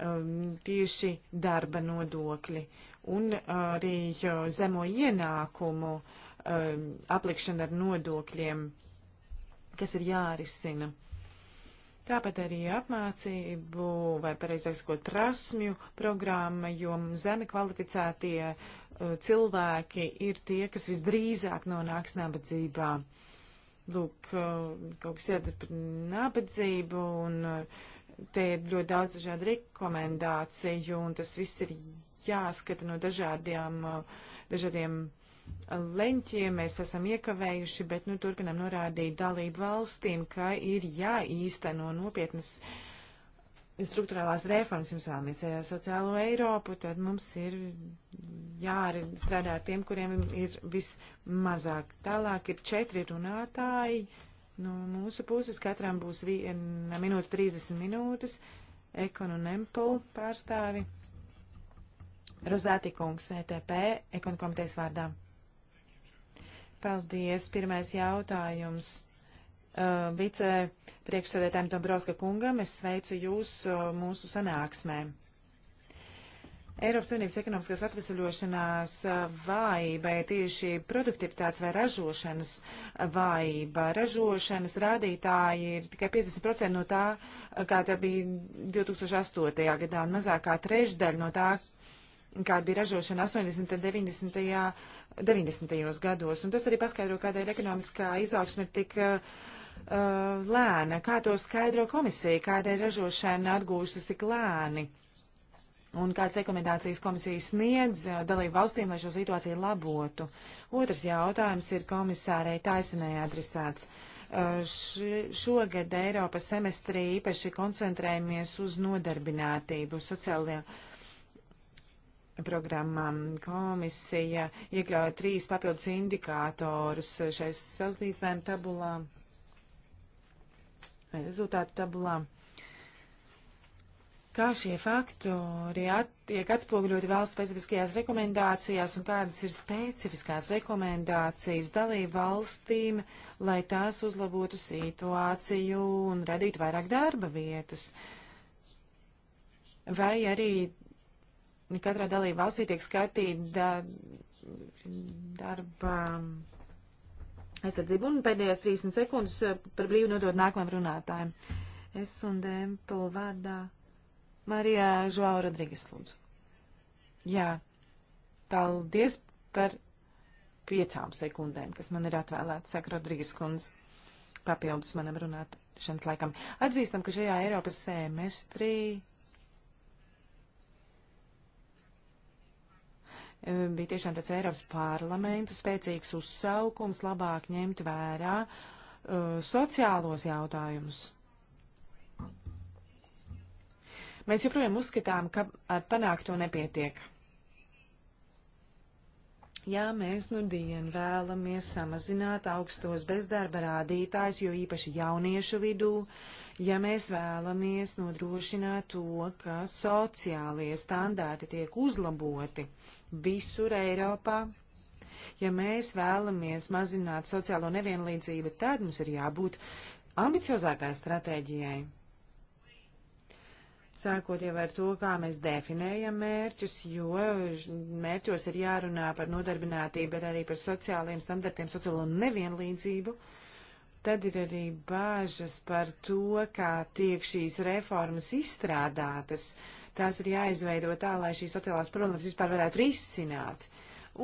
um, tieši darba nodokļi un arī uh, zemo ienākumu um, aplikšana ar nodokļiem, kas ir jārisina. Tāpat arī apmācību vai pareizāk sakot prasmju programma, jo zemi kvalificētie uh, cilvēki ir tie, kas visdrīzāk nonāks nabadzībā. Lūk, uh, kaut kas jādara par nabadzību un uh, Te ir ļoti daudz dažādu rekomendāciju, un tas viss ir jāskata no dažādiem, dažādiem leņķiem. Mēs esam iekavējuši, bet nu, turpinam norādīt dalību valstīm, ka ir jāīsteno nopietnas struktūrālās reformas, jums vēlamies eh, sociālo Eiropu, tad mums ir jāstrādā ar tiem, kuriem ir vismazāk. Tālāk ir četri runātāji. Uh, No mūsu puses katram būs 1 minūte 30 minūtes. Ekon un Empel pārstāvi. Rozāti kungs, ETP, Ekon komitejas vārdā. Paldies. Pirmais jautājums. Uh, vice priekšsēdētājiem Dombrovska kungam, es sveicu jūs uh, mūsu sanāksmēm. Eiropas Savienības ekonomiskās atvesaļošanās uh, vājība ir tieši produktivitātes vai ražošanas vājība. Ražošanas rādītāji ir tikai 50% no tā, kā tā bija 2008. gadā, un mazāk kā trešdaļa no tā, kāda bija ražošana 80. un 90. 90. gados. Un tas arī paskaidro, kādēļ ekonomiskā izaugsme ir tik. Uh, uh lēna, kā to skaidro komisija, kādēļ ražošana atgūstas tik lēni. Uh, un kādas rekomendācijas komisijas sniedz uh, dalību valstīm, lai šo situāciju labotu. Otrs jautājums ir komisārei Taisinai adresēts. Uh, šogad Eiropas semestrī īpaši koncentrējamies uz nodarbinātību sociālajā programmām. Komisija iekļauja trīs papildus indikātorus šais salīdzinājuma tabulā, rezultātu tabulā. Uh, kā šie faktori at, tiek atspoguļoti valsts specifiskajās rekomendācijās un kādas ir specifiskās rekomendācijas dalību valstīm, lai tās uzlabotu situāciju un radītu vairāk darba vietas. Vai arī katrā dalību valstī tiek skatīta da, darba aizsardzība un pēdējās 30 sekundes eh, par brīvu nodot nākamajam runātājiem. Es un Dempel vadā. Marijā Žuāla Rodrigas lūdzu. Jā, paldies par piecām sekundēm, kas man ir atvēlēts, saka Rodrigas kundze, papildus manam runāšanas laikam. Atzīstam, ka šajā Eiropas semestrī eh, bija tiešām tāds Eiropas parlamenta spēcīgs uzsaukums labāk ņemt vērā uh, sociālos jautājumus. Mēs joprojām uzskatām, ka ar panākto nepietiek. Jā, mēs nu dien vēlamies samazināt augstos bezdarba rādītājus, jo īpaši jauniešu vidū, ja mēs vēlamies nodrošināt to, ka sociālie standārti tiek uzlaboti visur Eiropā, ja mēs vēlamies mazināt sociālo nevienlīdzību, tad mums ir jābūt ambiciozākai stratēģijai sākot jau ar to, kā mēs definējam mērķus, jo mērķos ir jārunā par nodarbinātību, bet arī par sociālajiem standartiem, sociālo nevienlīdzību. Tad ir arī bāžas par to, kā tiek šīs reformas izstrādātas. Tās ir jāizveido tā, lai šīs sociālās problēmas vispār varētu risināt.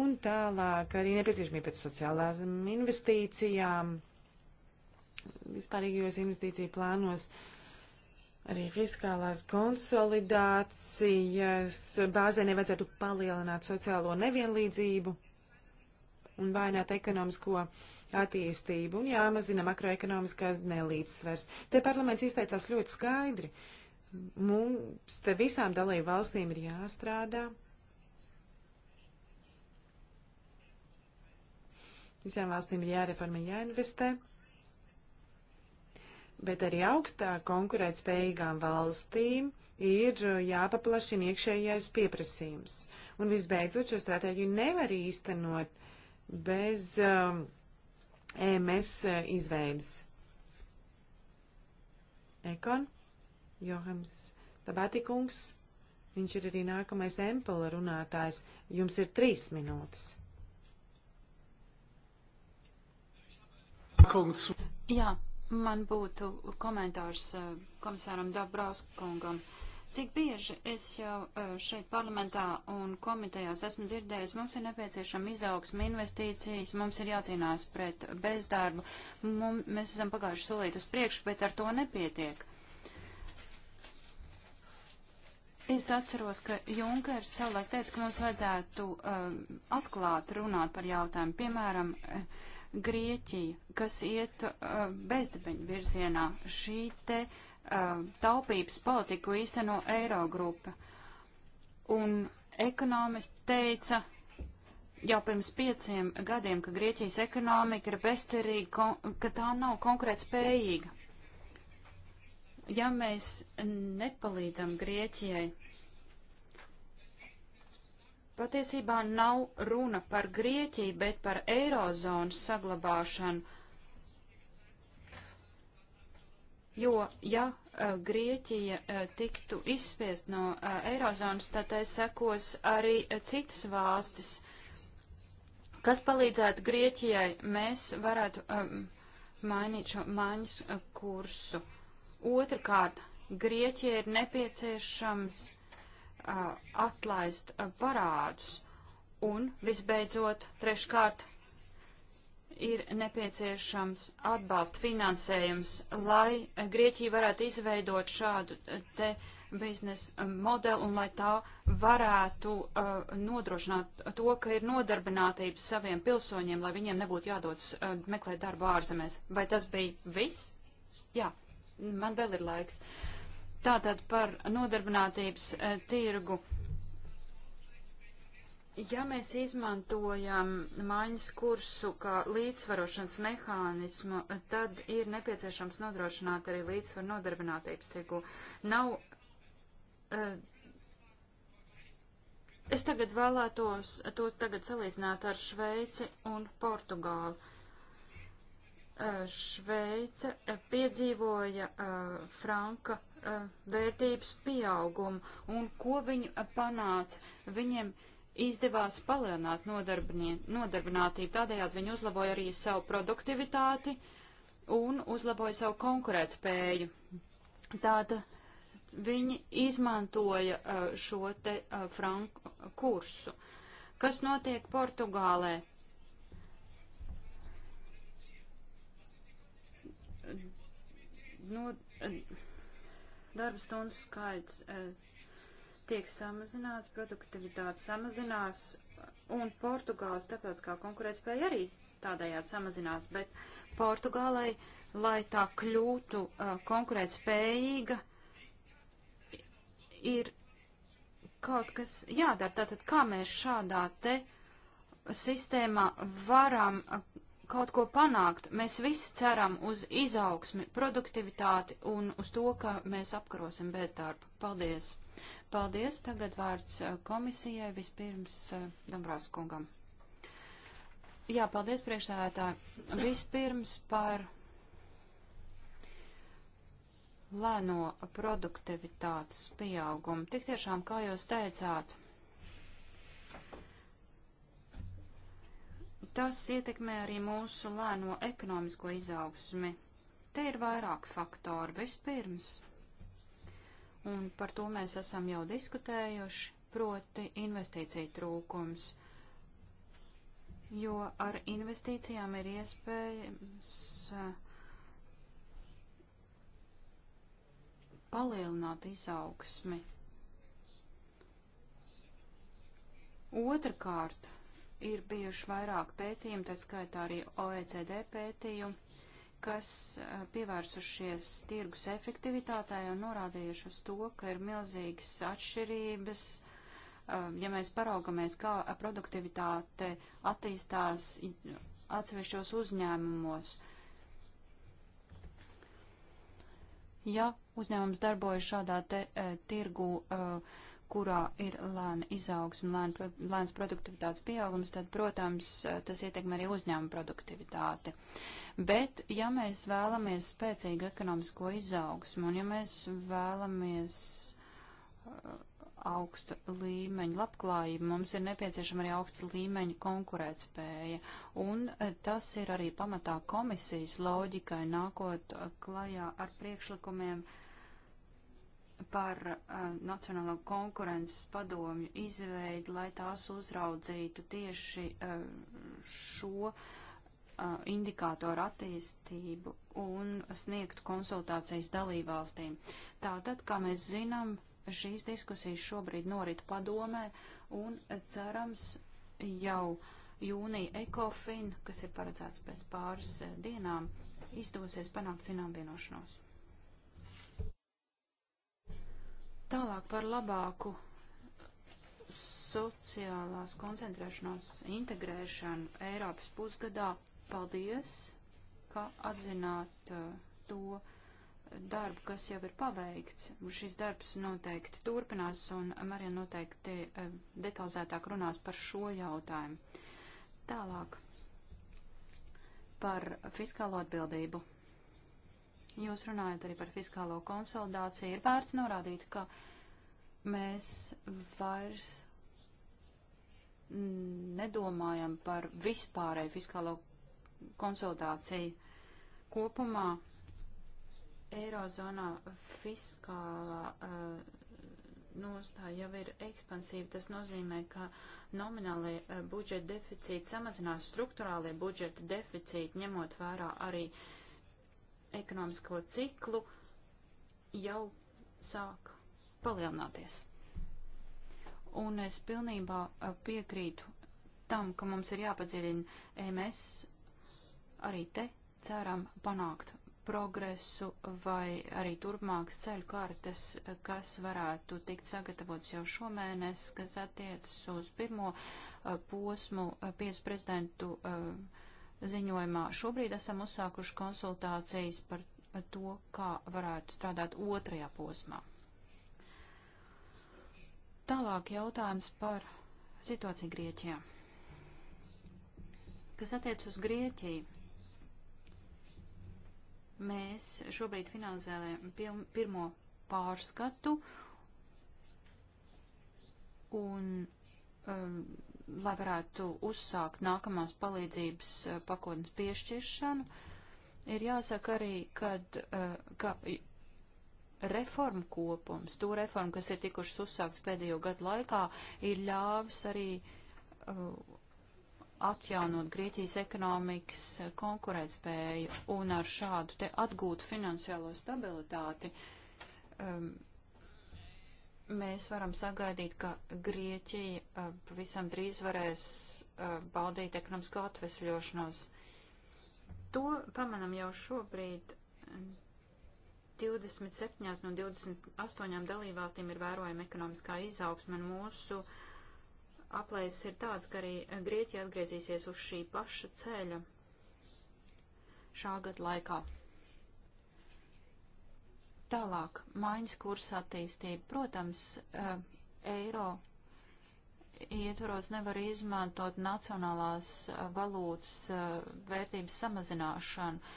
Un tālāk arī nepieciešamība pēc sociālām investīcijām, vispārīgajos investīciju plānos. Uh, Arī fiskālās konsolidācijas bāzē nevajadzētu palielināt sociālo nevienlīdzību un vainot ekonomisko attīstību un jāmazina makroekonomiskās nelīdzsvers. Te parlaments izteicās ļoti skaidri. Mums te visām dalību valstīm ir jāstrādā. Visām valstīm ir jāreforma, jāinvestē bet arī augstāk konkurētspējīgām valstīm ir uh, jāpaplašina iekšējais pieprasījums. Un visbeidzot, šo stratēģiju nevar īstenot bez um, e MS uh, izveidas. Ekon, Johams Tabatikungs, viņš ir arī nākamais Empola runātājs. Jums ir trīs minūtes. Jā, Man būtu komentārs eh, komisāram Dabrauskungam. Cik bieži es jau eh, šeit parlamentā un komitejās esmu dzirdējis, mums ir nepieciešama izaugsma investīcijas, mums ir jācīnās pret bezdarbu, mums, mēs esam pagājuši solīt uz priekšu, bet ar to nepietiek. Es atceros, ka Junkers savulaik teica, ka mums vajadzētu uh, atklāt runāt par jautājumu, piemēram, uh, Grieķiju, kas iet uh, bezdebeņu virzienā. Šī te uh, taupības politiku īsteno Eirogrupa. Un ekonomisti teica jau pirms pieciem gadiem, ka Grieķijas ekonomika ir bezcerīga, ka tā nav konkrēt spējīga. Ja mēs nepalīdzam Grieķijai, Patiesībā nav runa par Grieķiju, bet par eirozonas saglabāšanu. Jo, ja eh, Grieķija eh, tiktu izspiest no eh, eirozonas, tad tai sekos arī citas valstis. Kas palīdzētu Grieķijai? Mēs varētu um, mainīt šo maiņas kursu. Otrakārt, Grieķija ir nepieciešams atlaist parādus. Un, visbeidzot, treškārt, ir nepieciešams atbalsta finansējums, lai Grieķija varētu izveidot šādu te biznesa modeli un lai tā varētu uh, nodrošināt to, ka ir nodarbinātības saviem pilsoņiem, lai viņiem nebūtu jādodas uh, meklēt darbu ārzemēs. Vai tas bija viss? Jā, man vēl ir laiks. Uh, Tātad par nodarbinātības e, tirgu. Ja mēs izmantojam maiņas kursu kā līdzsvarošanas mehānismu, tad ir nepieciešams nodrošināt arī līdzsvaru nodarbinātības tirgu. Nav. Uh, es tagad vēlētos to tagad salīdzināt ar Šveici un Portugālu. Šveice piedzīvoja uh, franka uh, vērtības pieaugumu, un ko viņi panāca? Viņiem izdevās palielināt nodarbinātību, tādējādi viņi uzlaboja arī savu produktivitāti un uzlaboja savu konkurētspēju. Tāda viņi izmantoja uh, šo te franku kursu. Kas notiek Portugālē? no, eh, darba stundu skaits eh, tiek samazināts, produktivitāte samazinās, un Portugāles starptautiskā konkurētspēja arī tādējādi samazinās, bet Portugālai, lai tā kļūtu uh, konkurētspējīga, ir kaut kas jādara. Tātad, kā mēs šādā te sistēmā varam uh, kaut ko panākt. Mēs visi ceram uz izaugsmi, produktivitāti un uz to, ka mēs apkarosim bezdarbu. Paldies! Paldies! Tagad vārds eh, komisijai vispirms eh, Dambrās kungam. Jā, paldies priekšstādātāji. Vispirms par lēno produktivitātes pieaugumu. Tik tiešām, kā jūs teicāt, Tas ietekmē arī mūsu lēno ekonomisko izaugsmi. Te ir vairāk faktori vispirms, un par to mēs esam jau diskutējuši, proti investīcija trūkums jo ar investīcijām ir iespējams uh, palielināt izaugsmi. Otrakārt, ir bijuši vairāk pētījumi, tā skaitā arī OECD pētījumi, kas eh, pievērsušies tirgus efektivitātei un norādījuši uz to, ka ir milzīgas atšķirības. Eh, ja mēs paraugamies, kā produktivitāte attīstās atsevišķos uzņēmumos, ja uzņēmums darbojas šādā te, eh, tirgu uh, kurā ir lēna izaugsme, lēna, lēns produktivitātes pieaugums, tad, protams, tas ietekmē arī uzņēmuma produktivitāti. Bet, ja mēs vēlamies spēcīgu ekonomisko izaugsmu un ja mēs vēlamies uh, augsta līmeņa labklājība, mums ir nepieciešama arī augsta līmeņa konkurētspēja. Un uh, tas ir arī pamatā komisijas loģikai nākot uh, klajā ar priekšlikumiem uh, par uh, Nacionālo konkurences padomju izveidi, lai tās uzraudzītu tieši uh, šo uh, indikātoru attīstību un sniegtu konsultācijas dalībvalstīm. Tātad, kā mēs zinām, šīs diskusijas šobrīd norit padomē un cerams jau jūnija ekofin, kas ir paredzēts pēc pāris uh, dienām, izdosies panākt zinām vienošanos. Tālāk par labāku sociālās koncentrēšanās integrēšanu Eiropas pusgadā. Paldies, ka atzināt uh, to darbu, kas jau ir paveikts. Šis darbs noteikti turpinās, un Marija noteikti uh, detalizētāk runās par šo jautājumu. Tālāk par fiskālo atbildību. Jūs runājat arī par fiskālo konsolidāciju. Ir vērts norādīt, ka mēs vairs nedomājam par vispārēju fiskālo konsolidāciju kopumā. Eirozonā fiskālā uh, nostāja jau ir ekspansīva. Tas nozīmē, ka nominālie uh, budžeta deficīti samazinās struktūrālie budžeta deficīti, ņemot vērā arī uh, ekonomisko ciklu jau sāk palielināties. Un es pilnībā eh, piekrītu tam, ka mums ir jāpadziļina e MS. Arī te ceram panākt progresu vai arī turpmākas ceļu kartes, kas varētu tikt sagatavots jau šomēnes, kas attiecas uz pirmo eh, posmu eh, piecu prezidentu uh, ziņojumā. Šobrīd esam uzsākuši konsultācijas par to, kā varētu strādāt otrajā posmā. Tālāk jautājums par situāciju Grieķijā. Kas attiec uz Grieķiju, mēs šobrīd finansējam pirmo pārskatu un um, lai varētu uzsākt nākamās palīdzības eh, pakotnes piešķiršanu, ir jāsaka arī, kad, eh, ka reformu kopums, to reformu, kas ir tikušas uzsākts pēdējo gadu laikā, ir ļāvis arī eh, atjaunot Grieķijas ekonomikas konkurētspēju un ar šādu te atgūtu finansiālo stabilitāti um, mēs varam sagaidīt, ka Grieķija pavisam drīz varēs baudīt ekonomisko atvesļošanos. To pamanam jau šobrīd. 27 no 28 dalībvalstīm ir vērojama ekonomiskā izaugsme, un mūsu aplēses ir tāds, ka arī Grieķija atgriezīsies uz šī paša ceļa šā gada laikā. Tālāk, maiņas kursa attīstība. Protams, eh, eiro ietvaros nevar izmantot nacionālās eh, valūtas eh, vērtības samazināšanu.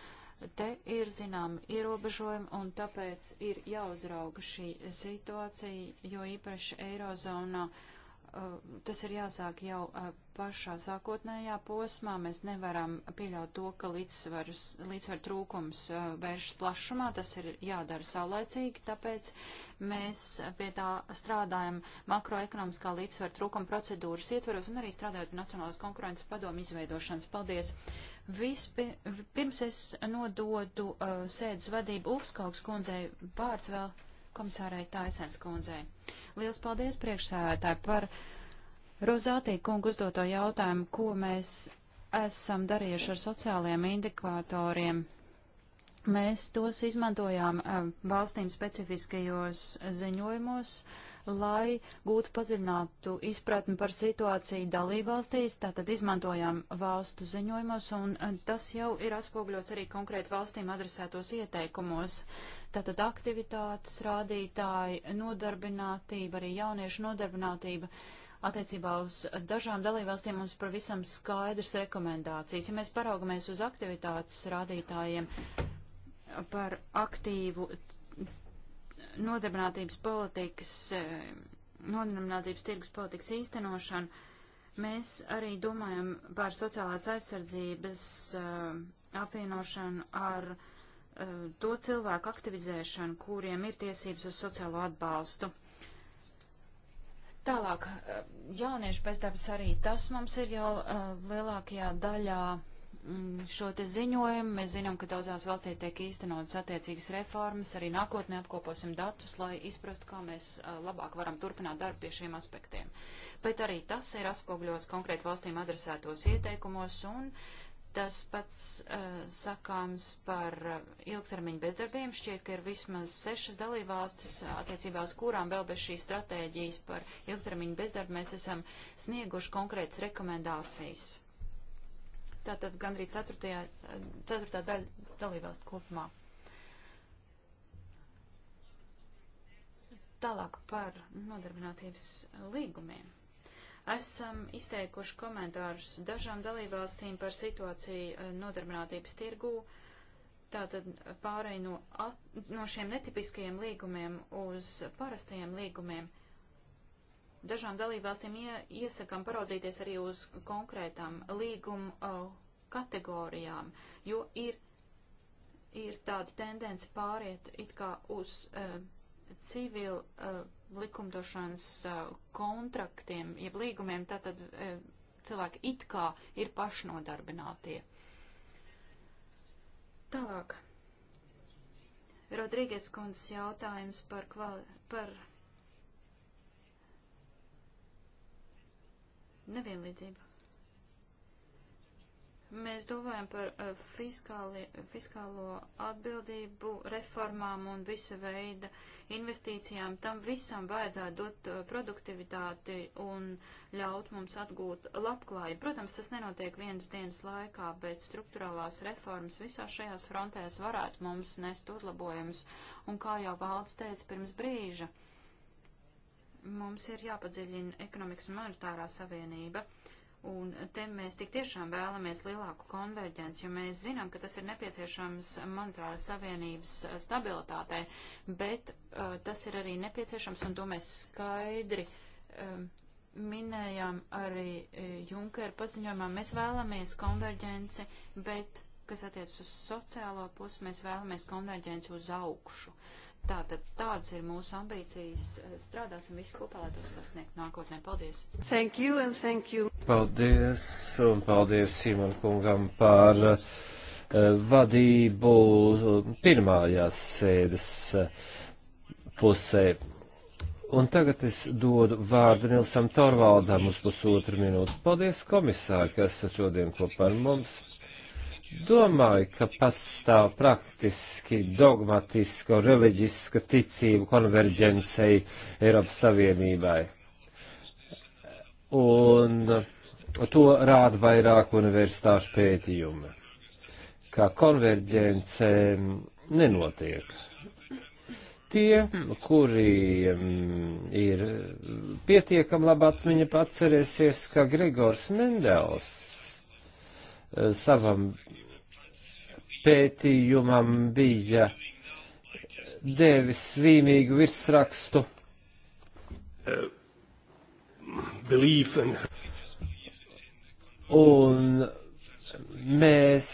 Te ir zinām ierobežojumi un tāpēc ir jāuzrauga šī situācija, jo īpaši eirozonā uh, Uh, tas ir jāsāk jau uh, pašā sākotnējā posmā. Mēs nevaram pieļaut to, ka līdzsver trūkums uh, vēršas plašumā. Tas ir jādara saulēcīgi, tāpēc mēs pie tā strādājam makroekonomiskā līdzsver trūkuma procedūras ietveros un arī strādājot Nacionālās konkurences padomu izveidošanas. Paldies! Vispirms es nododu uh, sēdes vadību Upskaugs kundzei vārds vēl komisārai Taisens kundzei. Liels paldies priekšsēdētāji par Rozātī kungu uzdoto jautājumu, ko mēs esam darījuši ar sociālajiem indikatoriem. Mēs tos izmantojām eh, valstīm specifiskajos ziņojumos, lai gūtu padziļinātu izpratni par situāciju dalībvalstīs, tātad izmantojām valstu ziņojumos, un eh, tas jau ir atspogļots arī konkrēti valstīm adresētos ieteikumos. Tātad aktivitātes rādītāji, nodarbinātība, arī jauniešu nodarbinātība. Attiecībā uz dažām dalībvalstīm mums pavisam skaidrs rekomendācijas. Ja mēs paraugamies uz aktivitātes rādītājiem par aktīvu nodarbinātības politikas, nodarbinātības tirgus politikas īstenošanu, mēs arī domājam par sociālās aizsardzības eh, apvienošanu ar uh, to cilvēku aktivizēšanu, kuriem ir tiesības uz sociālo atbalstu. Tālāk, eh, jauniešu bezdarbs arī tas mums ir jau eh, lielākajā daļā mm, šo te ziņojumu. Mēs zinām, ka daudzās valstīs tiek īstenotas attiecīgas reformas. Arī nākotnē apkoposim datus, lai izprastu, kā mēs eh, labāk varam turpināt darbu pie šiem aspektiem. Bet arī tas ir atspogļots konkrēti valstīm adresētos ieteikumos un uh, Tas pats uh, sakāms par uh, ilgtermiņu bezdarbiem. Šķiet, ka ir vismaz sešas dalībvalstis, eh, attiecībā uz kurām vēl bez šīs stratēģijas par ilgtermiņu bezdarbu mēs esam snieguši konkrētas rekomendācijas. Tātad gandrīz ceturtajā, ceturtā daļa dalībvalstu kopumā. Tālāk par nodarbinātības līgumiem. Esam izteikuši komentārus dažām dalībvalstīm par situāciju eh, nodarbinātības tirgū, tātad pārēj no, at, no šiem netipiskajiem līgumiem uz parastajiem līgumiem. Dažām dalībvalstīm ie, iesakām paraudzīties arī uz konkrētām līgumu uh, eh, kategorijām, jo ir, ir tāda tendence pāriet it kā uz uh, eh, civilu. Uh, likumdošanas kontraktiem, jeb līgumiem, tātad cilvēki it kā ir pašnodarbinātie. Tālāk. Rodrīgas kundzes jautājums par, kvali, par nevienlīdzību. Mēs domājam par fiskāli, fiskālo atbildību reformām un visa veida uh, investīcijām, tam visam vajadzētu dot uh, produktivitāti un ļaut mums atgūt labklājību. Protams, tas nenotiek vienas dienas laikā, bet struktūrālās reformas visās šajās frontēs varētu mums nest uzlabojumus. Un kā jau valsts teica pirms brīža, mums ir jāpadziļina ekonomikas un monetārā savienība. Uh, Un te mēs tik tiešām vēlamies lielāku konverģenci, jo mēs zinām, ka tas ir nepieciešams monetāras savienības stabilitātei, bet uh, tas ir arī nepieciešams, un to mēs skaidri um, minējām arī uh, Junkera paziņojumā. Mēs vēlamies konverģenci, bet, kas attiec uz sociālo pusi, mēs vēlamies konverģenci uz augšu. Uh, Tātad tādas ir mūsu ambīcijas. Strādāsim visi kopā, lai tos sasniegt nākotnē. Paldies! Thank you and thank you! Paldies un paldies Simon kungam par uh, vadību pirmājās sēdes eh, pusē. Un tagad es dodu vārdu Nilsam Torvaldam uz pusotru minūtu. Paldies komisāri, kas šodien kopā ar mums domāju, ka pastāv praktiski dogmatiska un reliģiska ticība konverģencei Eiropas Savienībai. Un to rāda vairāk universitāšu pētījumi, ka konverģence nenotiek. Tie, kuriem ir pietiekami labi atmiņa, atcerēsies, ka Gregors Mendels eh, savam pētījumam bija devis zīmīgu virsrakstu. Un mēs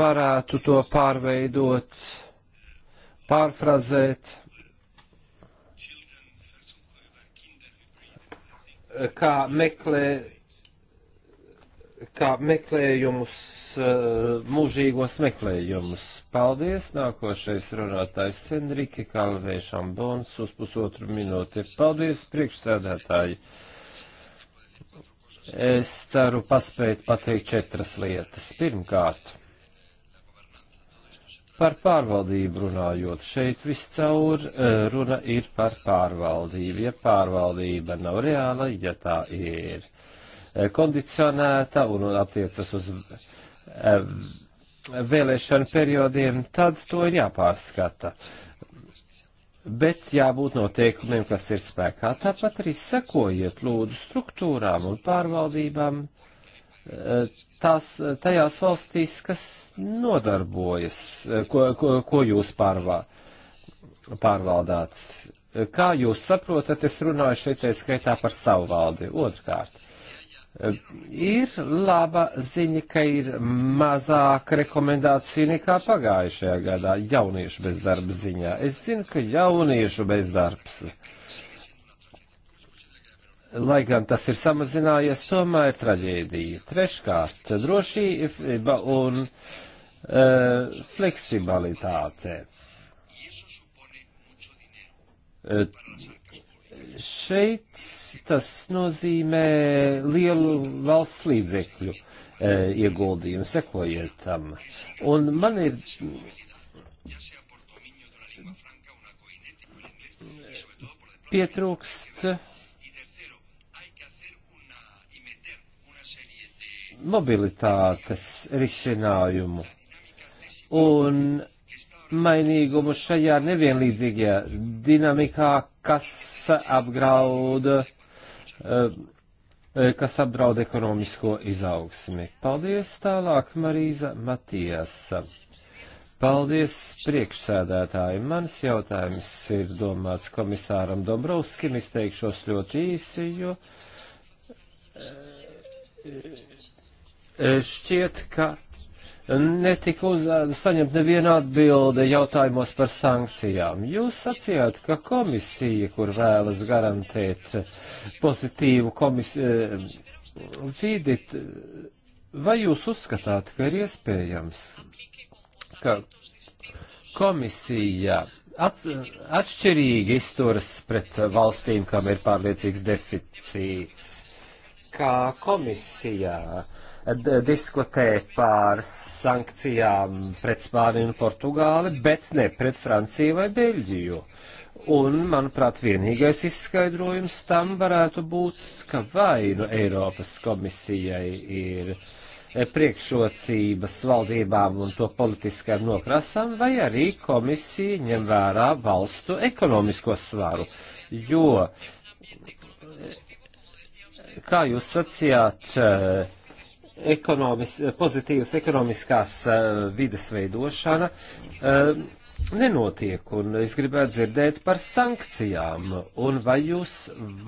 varētu to pārveidot, pārfrazēt, kā meklē kā meklējumus, eh, mūžīgos meklējumus. Paldies, nākošais runātājs Enrike Kalvēšam Bons uz pusotru minūti. Paldies, priekšsēdētāji. Es ceru paspēt pateikt četras lietas. Pirmkārt, par pārvaldību runājot, šeit viscaur eh, runa ir par pārvaldību. Ja pārvaldība nav reāla, ja tā ir Eh, kondicionēta un attiecas uz eh, vēlēšanu periodiem, tad to ir jāpārskata. Bet jābūt noteikumiem, kas ir spēkā. Tāpat arī sekojiet lūdzu struktūrām un pārvaldībām eh, tās, tajās valstīs, kas nodarbojas, ko, ko, ko jūs pārvā, pārvaldāt. Kā jūs saprotat, es runāju šeit skaitā par savu valdi. Otrkārt, Ir laba ziņa, ka ir mazāk rekomendāciju nekā pagājušajā gadā jauniešu bezdarba ziņā. Es zinu, ka jauniešu bezdarbs, lai gan tas ir samazinājies, tomēr ir traģēdija. Treškārt, drošība un uh, fleksibilitāte. Uh, šeit tas nozīmē lielu valsts līdzekļu e, ieguldījumu, sekojiet tam. Un man ir pietrūkst mobilitātes risinājumu. Un mainīgumu šajā nevienlīdzīgajā dinamikā, kas apgraud, eh, eh, kas apdraud ekonomisko izaugsmi. Paldies tālāk, Marīza Matiesa. Paldies priekšsēdētāji. Mans jautājums ir domāts komisāram Dombrovskim. Izteikšos ļoti īsi, jo eh, šķiet, ka netika uz, saņemt neviena atbilde jautājumos par sankcijām. Jūs sacījāt, ka komisija, kur vēlas garantēt pozitīvu komisiju eh, vidi, vai jūs uzskatāt, ka ir iespējams, ka komisija at, atšķirīgi izturas pret valstīm, kam ir pārliecīgs deficīts, kā komisijā? Uh, diskutē par sankcijām pret Spāniju un Portugāli, bet ne pret Franciju vai Beļģiju. Un, manuprāt, vienīgais izskaidrojums tam varētu būt, ka vai nu Eiropas komisijai ir priekšrocības valdībām un to politiskajām nokrasām, vai arī komisija ņem vērā valstu ekonomisko svaru. Jo, kā jūs sacījāt, ekonomis, pozitīvas ekonomiskās uh, vides veidošana uh, nenotiek, un es gribētu dzirdēt par sankcijām, un vai jūs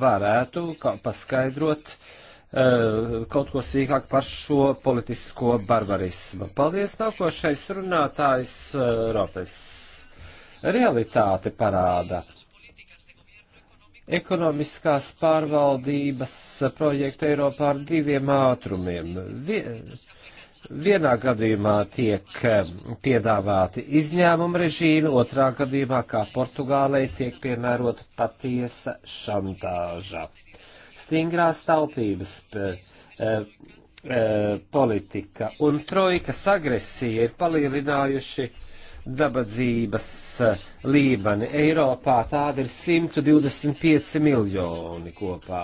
varētu paskaidrot uh, kaut ko sīkāk par šo politisko barbarismu. Paldies, nākošais runātājs Ropes. Realitāte parāda ekonomiskās pārvaldības projektu Eiropā ar diviem ātrumiem. Vienā gadījumā tiek eh, piedāvāti izņēmuma režīmi, otrā gadījumā, kā Portugālei, tiek piemērota patiesa šantāža. Stingrās taupības eh, eh, politika un trojkas agresija ir palielinājuši uh, dabadzības eh, līmeni. Eiropā tāda ir 125 miljoni kopā.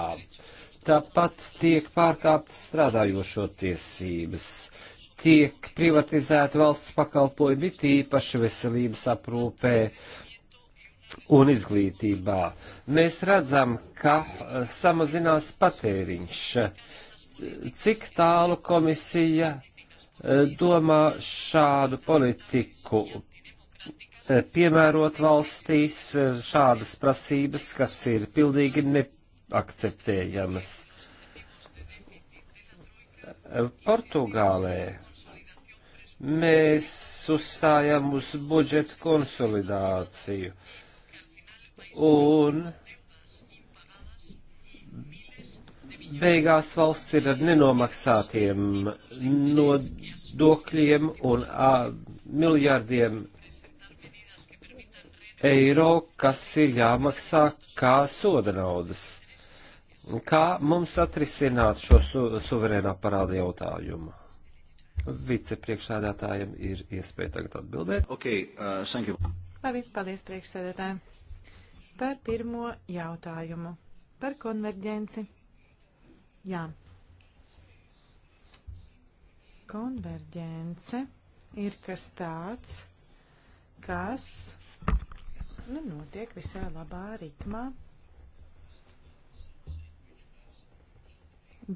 Tāpat tiek pārkāptas strādājošo tiesības, tiek privatizēta valsts pakalpojumi, tīpaši veselības aprūpē, un izglītībā. Mēs redzam, ka eh, samazinās patēriņš. Cik tālu komisija domā šādu politiku eh, piemērot valstīs eh, šādas prasības, kas ir pilnīgi neakceptējamas. Eh, Portugālē mēs uzstājam uz budžeta konsolidāciju un beigās valsts ir ar nenomaksātiem nodokļiem un a, miljārdiem eiro, kas ir jāmaksā kā soda naudas. Kā mums atrisināt šo su suverēnā parāda jautājumu? Vicepriekšsēdētājiem ir iespēja tagad atbildēt. Okay, uh, thank you. Labi, paldies priekšsēdētājiem. Par pirmo jautājumu. Par konverģenci. Jā. Konverģence ir kas tāds, kas nu, notiek visai labā ritmā.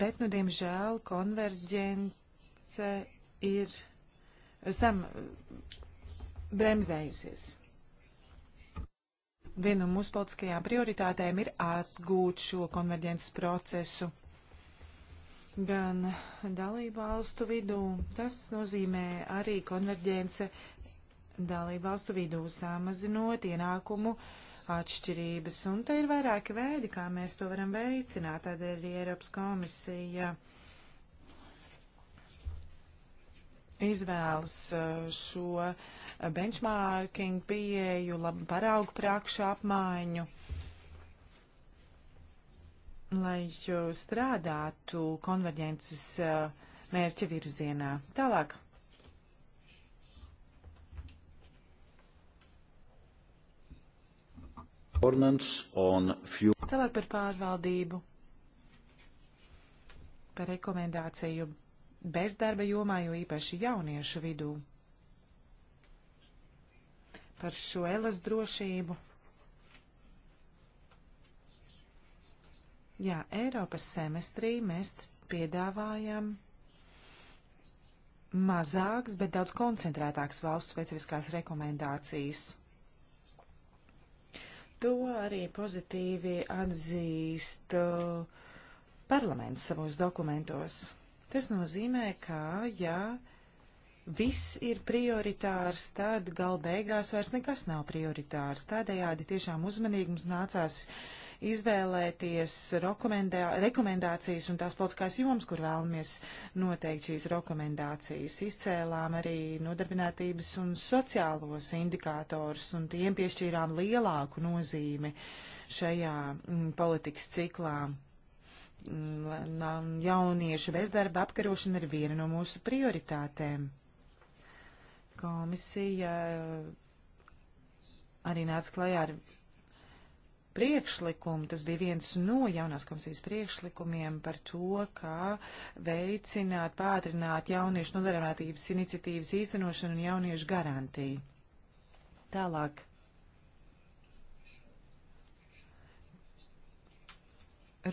Bet, nu, diemžēl, konverģence ir zem bremzējusies. Viena no mūsu politiskajām prioritātēm ir atgūt šo konverģences procesu gan dalībvalstu vidū. Tas nozīmē arī konverģence dalībvalstu vidū, samazinot ienākumu atšķirības. Un te ir vairāki veidi, kā mēs to varam veicināt. Tādēļ arī Eiropas komisija izvēlas uh, šo benchmarking pieeju, labu paraugu prakšu apmaiņu lai strādātu konverģences eh, mērķa virzienā. Tālāk. Tālāk par pārvaldību, par rekomendāciju bezdarba jomā, jo īpaši jauniešu vidū, par šo elas drošību. Jā, Eiropas semestrī mēs piedāvājam mazāks, bet daudz koncentrētāks valsts specifiskās rekomendācijas. To arī pozitīvi atzīst uh, parlaments savos dokumentos. Tas nozīmē, ka, ja viss ir prioritārs, tad gal beigās vairs nekas nav prioritārs. Tādējādi tiešām uzmanīgi mums nācās uh, izvēlēties rekomendācijas un tās politiskās jomas, kur vēlamies noteikt šīs rekomendācijas. Izcēlām arī nodarbinātības un sociālos indikātors un tiem piešķīrām lielāku nozīmi šajā m, mm, politikas ciklā mm, jauniešu bezdarba apkarošana ir viena no mūsu prioritātēm. Komisija arī nāca klajā ar priekšlikumu. Tas bija viens no jaunās komisijas priekšlikumiem par to, kā veicināt, pātrināt jauniešu nodarbinātības iniciatīvas īstenošanu un jauniešu garantiju. Tālāk.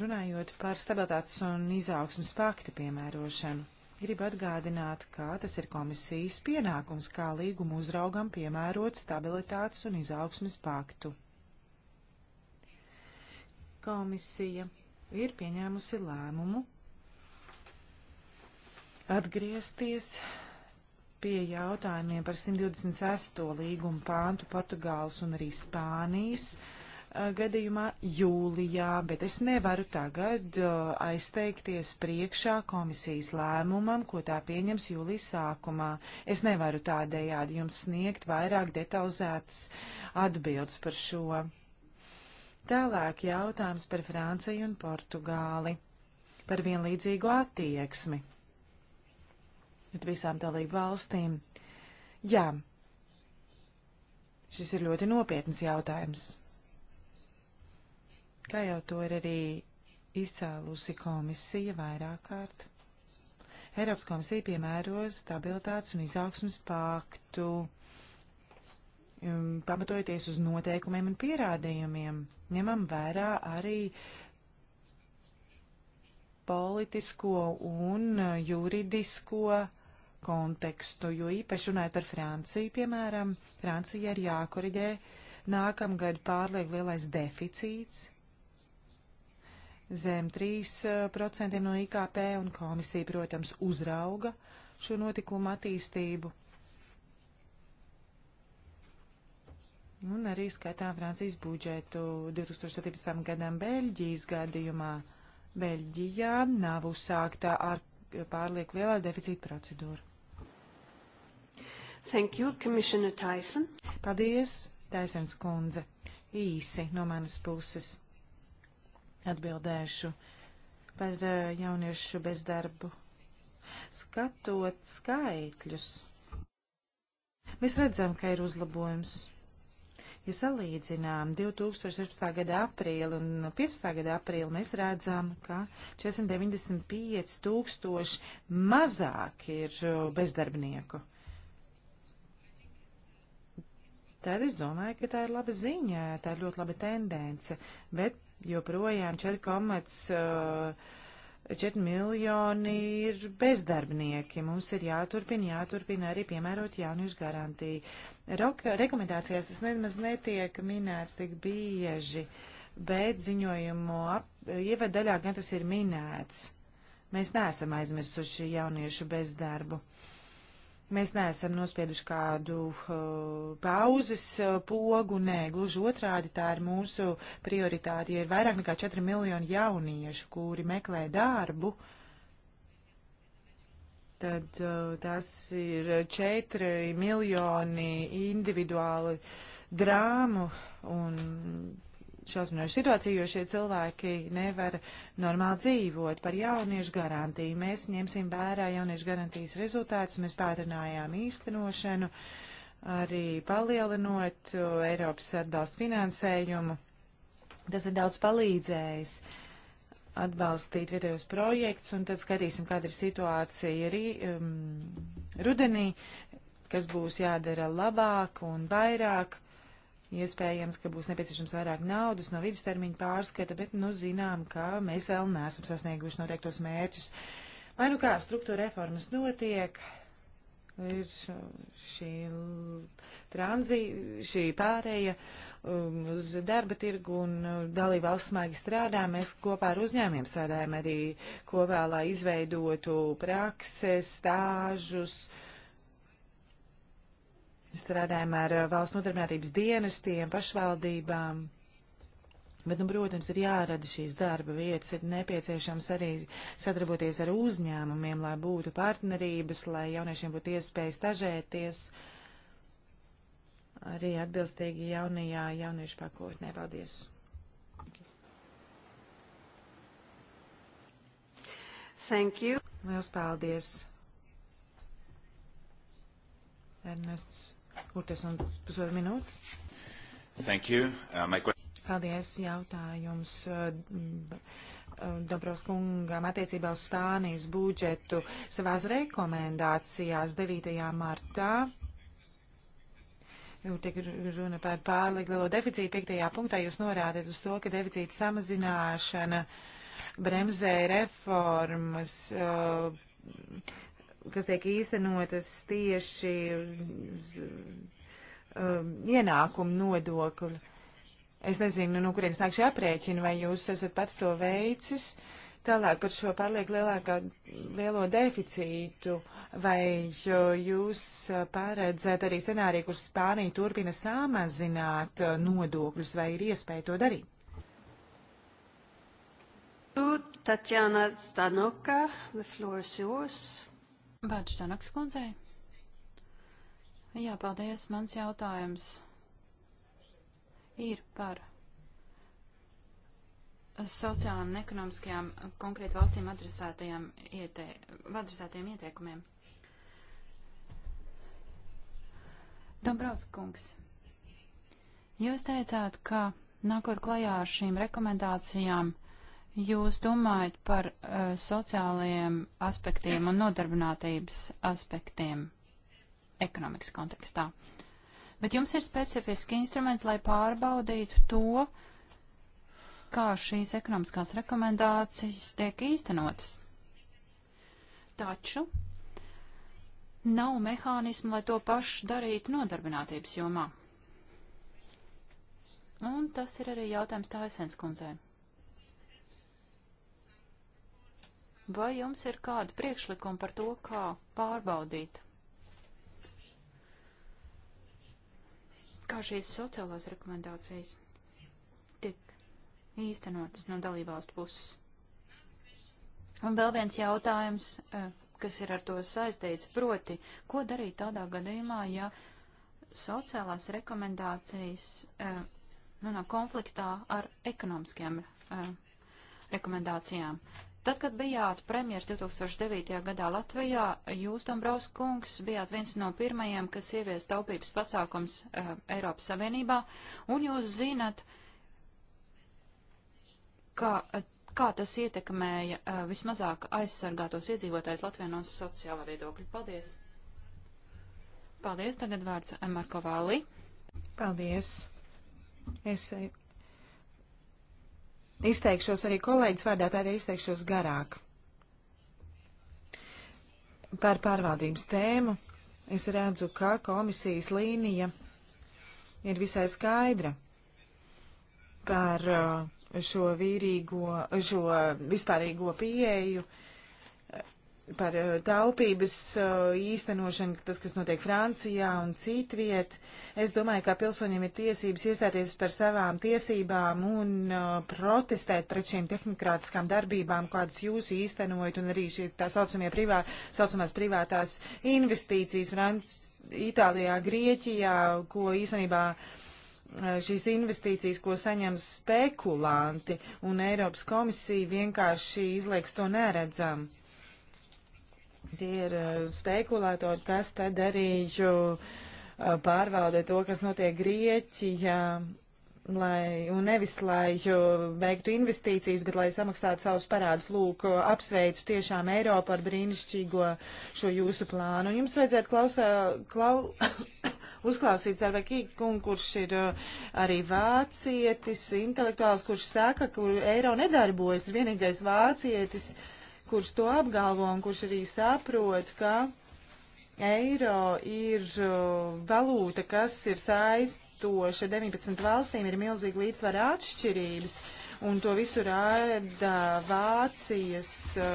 Runājot par stabilitātes un izaugsmas pakti piemērošanu, gribu atgādināt, ka tas ir komisijas pienākums kā līguma uzraugam piemērot stabilitātes un izaugsmas paktu komisija ir pieņēmusi lēmumu atgriezties pie jautājumiem par 126. līgumu pāntu Portugāles un arī Spānijas gadījumā jūlijā, bet es nevaru tagad uh, aizteikties priekšā komisijas lēmumam, ko tā pieņems jūlijas sākumā. Es nevaru tādējādi jums sniegt vairāk detalizētas atbildes par šo. Tālāk jautājums par Franciju un Portugāli, par vienlīdzīgu attieksmi pret visām dalību valstīm. Jā, šis ir ļoti nopietns jautājums. Kā jau to ir arī izcēlusi komisija vairāk kārt. Eiropas komisija piemēro stabilitātes un izaugsmas paktu Um, pamatojoties uz noteikumiem un pierādījumiem. Ņemam vērā arī politisko un uh, juridisko kontekstu, jo īpaši runājot par Franciju, piemēram, Francija ir jākoriģē nākamgad pārliek lielais deficīts zem 3% no IKP, un komisija, protams, uzrauga šo notikumu attīstību. Un arī skaitām Francijas budžetu 2017. gadam Beļģijas gadījumā. Beļģijā nav uzsāktā ar pārlieku lielā deficīta procedūra. Thank you, Commissioner Tyson. Paldies, Taisens kundze. Īsi no manas puses atbildēšu par eh, jauniešu bezdarbu. Skatot skaitļus, mēs redzam, ka ir uzlabojums Ja salīdzinām 2016. gada aprīli un 15. gada aprīli, mēs redzam, ka 495 tūkstoši mazāk ir uh, bezdarbnieku. Tad es domāju, ka tā ir laba ziņa, tā ir ļoti laba tendence, bet joprojām 4, 4 miljoni ir bezdarbnieki. Mums ir jāturpina, jāturpina arī piemērot jauniešu garantiju. Roka, rekomendācijās tas nemaz netiek minēts tik bieži, bet ziņojumu ievadaļā gan tas ir minēts. Mēs neesam aizmirsuši jauniešu bezdarbu. Uh, Mēs neesam nospieduši kādu uh, pauzes uh, pogu, nē, gluži otrādi tā ir mūsu prioritāte. Ja ir vairāk nekā 4 miljoni jauniešu, kuri meklē darbu, tad uh, tas ir 4 miljoni individuāli drāmu un šausminošu situāciju, jo šie cilvēki nevar normāli dzīvot par jauniešu garantiju. Mēs ņemsim vērā jauniešu garantijas rezultātus, mēs pātrinājām īstenošanu, arī palielinot Eiropas atbalstu finansējumu. Tas ir daudz palīdzējis atbalstīt vietējos projekts, un tad skatīsim, kāda ir situācija arī um, rudenī, kas būs jādara labāk un vairāk. Iespējams, ka būs nepieciešams vairāk naudas no vidustermiņa pārskata, bet nu zinām, ka mēs vēl neesam sasnieguši noteiktos mērķus. Lai nu kā struktūra reformas notiek, ir šī tranzī, šī pārēja um, uz darba tirgu un uh, dalībvalsts smagi strādā. Mēs kopā ar uzņēmiem strādājam arī kopā, lai izveidotu prakses, stāžus, uh, Strādājam ar uh, valsts nodarbinātības dienestiem, pašvaldībām. Bet, nu, protams, ir jārada šīs darba vietas, ir nepieciešams arī sadarboties ar uzņēmumiem, lai būtu partnerības, lai jauniešiem būtu iespēja stažēties arī atbilstīgi jaunajā jauniešu pakotnē. Paldies! Thank you. Liels paldies! Ernests Urtes un pusotru minūti. Thank you. Uh, my... Paldies, jautājums. Uh, mm, Dobros kungam attiecībā uz Spānijas budžetu savās rekomendācijās 9. martā. Tiek runa par pārlieku lielo deficītu. 5. punktā jūs norādat uz to, ka deficīta samazināšana bremzē reformas. Uh, kas tiek īstenotas tieši um, ienākumu nodokli. Es nezinu, nu, kurienes nāk šie aprēķini, vai jūs esat pats to veicis. Tālāk par šo pārlieku lielākā, lielo deficītu, vai jūs pārredzat arī scenāriju, kur Spānija turpina samazināt uh, nodokļus, vai ir iespēja to darīt? Tatjana Stanoka, the floor is yours. Vārds Čanaks kundzei. Jā, paldies. Mans jautājums ir par sociālām un ekonomiskajām konkrēti valstīm adresētajām iete, adresētajiem ieteikumiem. Dombrauts kungs, jūs teicāt, ka nākot klajā ar šīm rekomendācijām – jūs domājat par uh, sociālajiem aspektiem un nodarbinātības aspektiem ekonomikas kontekstā. Bet jums ir specifiski instrumenti, lai pārbaudītu to, kā šīs ekonomiskās rekomendācijas tiek īstenotas. Taču nav mehānismu, lai to pašu darītu nodarbinātības jomā. Un tas ir arī jautājums tā esens kundzei. Vai jums ir kādi priekšlikumi par to, kā pārbaudīt, kā šīs sociālās rekomendācijas tiek īstenotas no dalībvalstu puses? Un vēl viens jautājums, eh, kas ir ar to saistīts, proti, ko darīt tādā gadījumā, ja sociālās rekomendācijas eh, nonāk nu, no konfliktā ar ekonomiskajām eh, rekomendācijām. Tad, kad bijāt premjers 2009. gadā Latvijā, jūs, Dombrovs kungs, bijāt viens no pirmajiem, kas ievies taupības pasākums uh, Eiropas Savienībā, un jūs zinat, ka, eh, kā tas ietekmēja uh, vismazāk aizsargātos iedzīvotājs Latvijā no sociālā viedokļa. Paldies! Paldies, tagad vārds Marko Vāli. Paldies! Es Izteikšos arī kolēģis vārdā, tādēļ izteikšos garāk. Par pārvaldības tēmu es redzu, ka komisijas līnija ir visai skaidra par uh, šo vīrīgo, šo vispārīgo pieeju uh, par eh, taupības eh, īstenošanu, tas, kas notiek Francijā un citviet. Es domāju, ka pilsoņiem ir tiesības iestāties par savām tiesībām un eh, protestēt pret šīm tehnokrātiskām darbībām, kādas jūs īstenojat, un arī šī tā saucamie privā, saucamās privātās investīcijas Franc Itālijā, Grieķijā, ko īstenībā šīs investīcijas, ko saņem spekulanti, un Eiropas komisija vienkārši izlieks to neredzam. Uh, Tie ir eh, spekulātori, kas tad arī eh, pārvalda to, kas notiek Grieķijā, lai, un nevis lai veiktu investīcijas, bet lai samaksātu savus parādus. Lūk, apsveicu tiešām Eiropu ar brīnišķīgo šo jūsu plānu. Un jums vajadzētu klausā, klau, uzklausīt Zervekīkungu, kurš ir eh, arī vācietis, intelektuāls, kurš saka, ka eiro nedarbojas, ir vienīgais vācietis. Uh, kurš to apgalvo un kurš arī saprot, ka eiro ir uh, valūta, kas ir saistoša 19 valstīm, ir milzīgi līdzsvara atšķirības. Un to visu rāda Vācijas uh,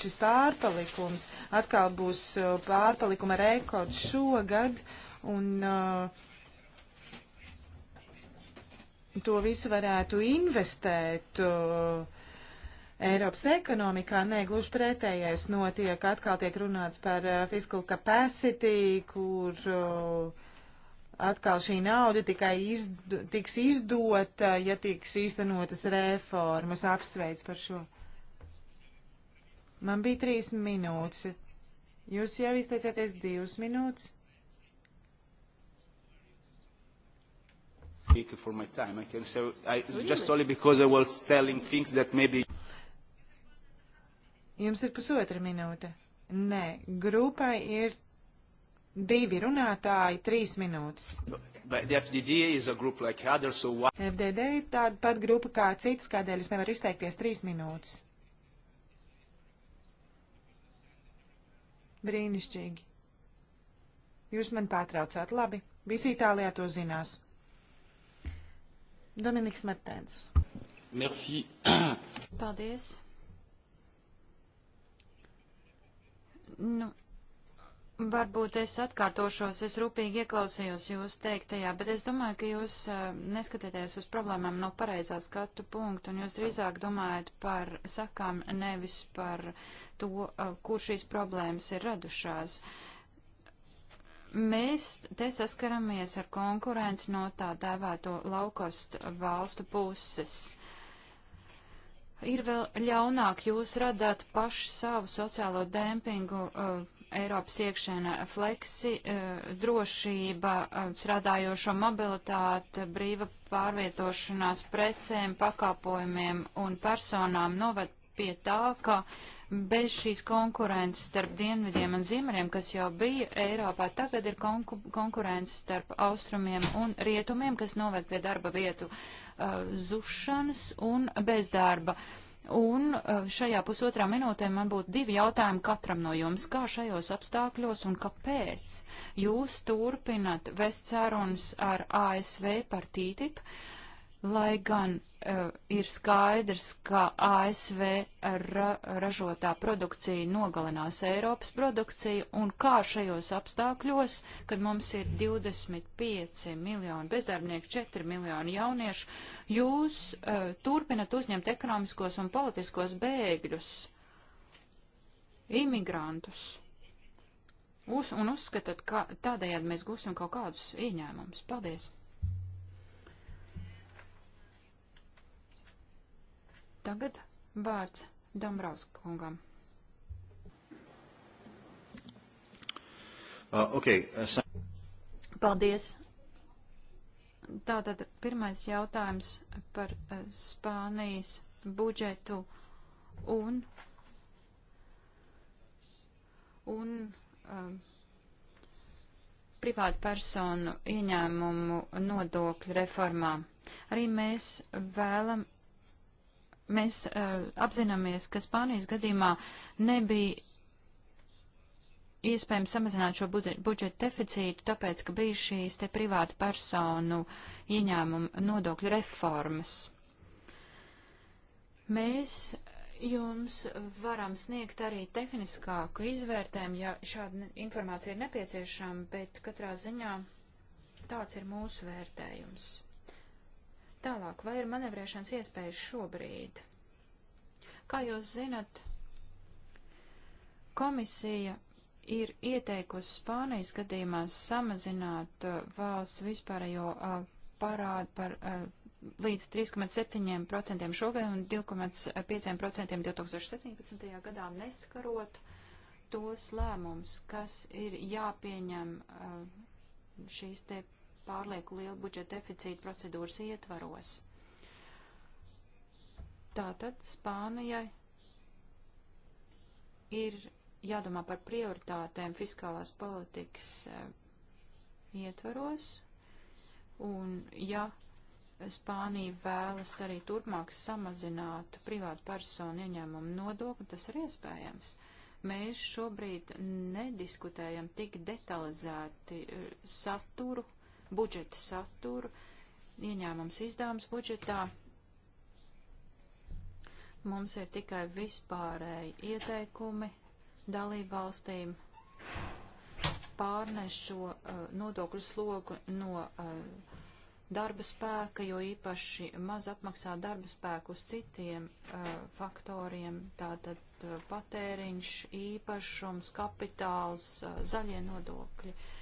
šis pārpalikums. Atkal būs uh, pārpalikuma rekords šogad. Un, uh, to visu varētu investēt uh, Eiropas ekonomikā. Nē, gluži pretējais notiek. Atkal tiek runāts par eh, fiscal capacity, kur atkal šī nauda tikai izd tiks izdota, ja tiks īstenotas reformas. Apsveic par šo. Man bija trīs minūtes. Jūs jau izteicāties divas minūtes. for my time. I can say I, really? just only because I was telling things that maybe. Jums ir pusotra minūte. Nē, grupai ir divi runātāji, trīs minūtes. Like other, so what... FDD ir tāda pat grupa kā citas, kādēļ es nevaru izteikties trīs minūtes. Brīnišķīgi. Jūs man pārtraucāt labi. Visi Itālijā to zinās. Dominiks Martens. Merci. Paldies. Nu, varbūt es atkārtošos, es rūpīgi ieklausījos jūs teiktajā, bet es domāju, ka jūs neskatieties uz problēmām no pareizā skatu punktu, un jūs drīzāk domājat par sakām, nevis par to, kur šīs problēmas ir radušās. Mēs te saskaramies ar konkurenci no tā dēvēto laukostu valstu puses ir vēl ļaunāk. Jūs radāt pašu savu sociālo dempingu uh, Eiropas iekšēnē - fleksi, uh, drošība, uh, strādājošo mobilitāte, brīva pārvietošanās precēm, pakāpojumiem un personām noved pie tā, ka bez šīs konkurences starp dienvidiem un ziemeļiem, kas jau bija Eiropā, tagad ir konku konkurence starp austrumiem un rietumiem, kas noved pie darba vietu uh, zušanas un bezdarba. Un uh, šajā pusotrā minūtē man būtu divi jautājumi katram no jums. Kā šajos apstākļos un kāpēc jūs turpinat vest sarunas ar ASV par TTIP? Uh, lai gan uh, ir skaidrs, ka ASV ra ražotā produkcija nogalinās Eiropas produkciju, un kā šajos apstākļos, kad mums ir 25 miljoni bezdarbnieku, 4 miljoni jauniešu, jūs uh, turpinat uzņemt ekonomiskos un politiskos bēgļus, imigrantus, uz, un uzskatat, ka tādējādi mēs gūsim kaut kādus ieņēmumus. Paldies! Tagad vārds Dambrauskungam. Uh, okay. Es... Uh, Paldies. Tātad pirmais jautājums par uh, Spānijas budžetu un, un um, privātu personu ieņēmumu nodokļu reformā. Arī mēs vēlam, Mēs uh, apzināmies, ka Spānijas gadījumā nebija iespējams samazināt šo budžeta deficītu, tāpēc, ka bija šīs te privāta personu ieņēmuma nodokļu reformas. Mēs jums varam sniegt arī tehniskāku izvērtējumu, ja šāda informācija ir nepieciešama, bet katrā ziņā tāds ir mūsu vērtējums. Tālāk, vai ir manevrēšanas iespējas šobrīd? Kā jūs zinat, komisija ir ieteikusi Spānijas gadījumā samazināt uh, valsts vispārējo uh, parādu par uh, līdz 3,7% šogad un 2,5% 2017. gadā neskarot tos lēmumus, kas ir jāpieņem uh, šīs te pārlieku lielu budžeta deficītu procedūras ietvaros. Tātad Spānijai ir jādomā par prioritātēm fiskālās politikas eh, ietvaros, un ja Spānija vēlas arī turpmāk samazināt privātu personu ieņēmumu nodokli, tas ir iespējams. Mēs šobrīd nediskutējam tik detalizēti eh, saturu budžeta saturu, ieņēmums izdevums budžetā. Mums ir tikai vispārēji ieteikumi dalībvalstīm pārnest šo uh, nodokļu slogu no uh, darba spēka, jo īpaši maz apmaksā darba spēku uz citiem uh, faktoriem, tātad uh, patēriņš, īpašums, kapitāls, uh, zaļie nodokļi. Uh,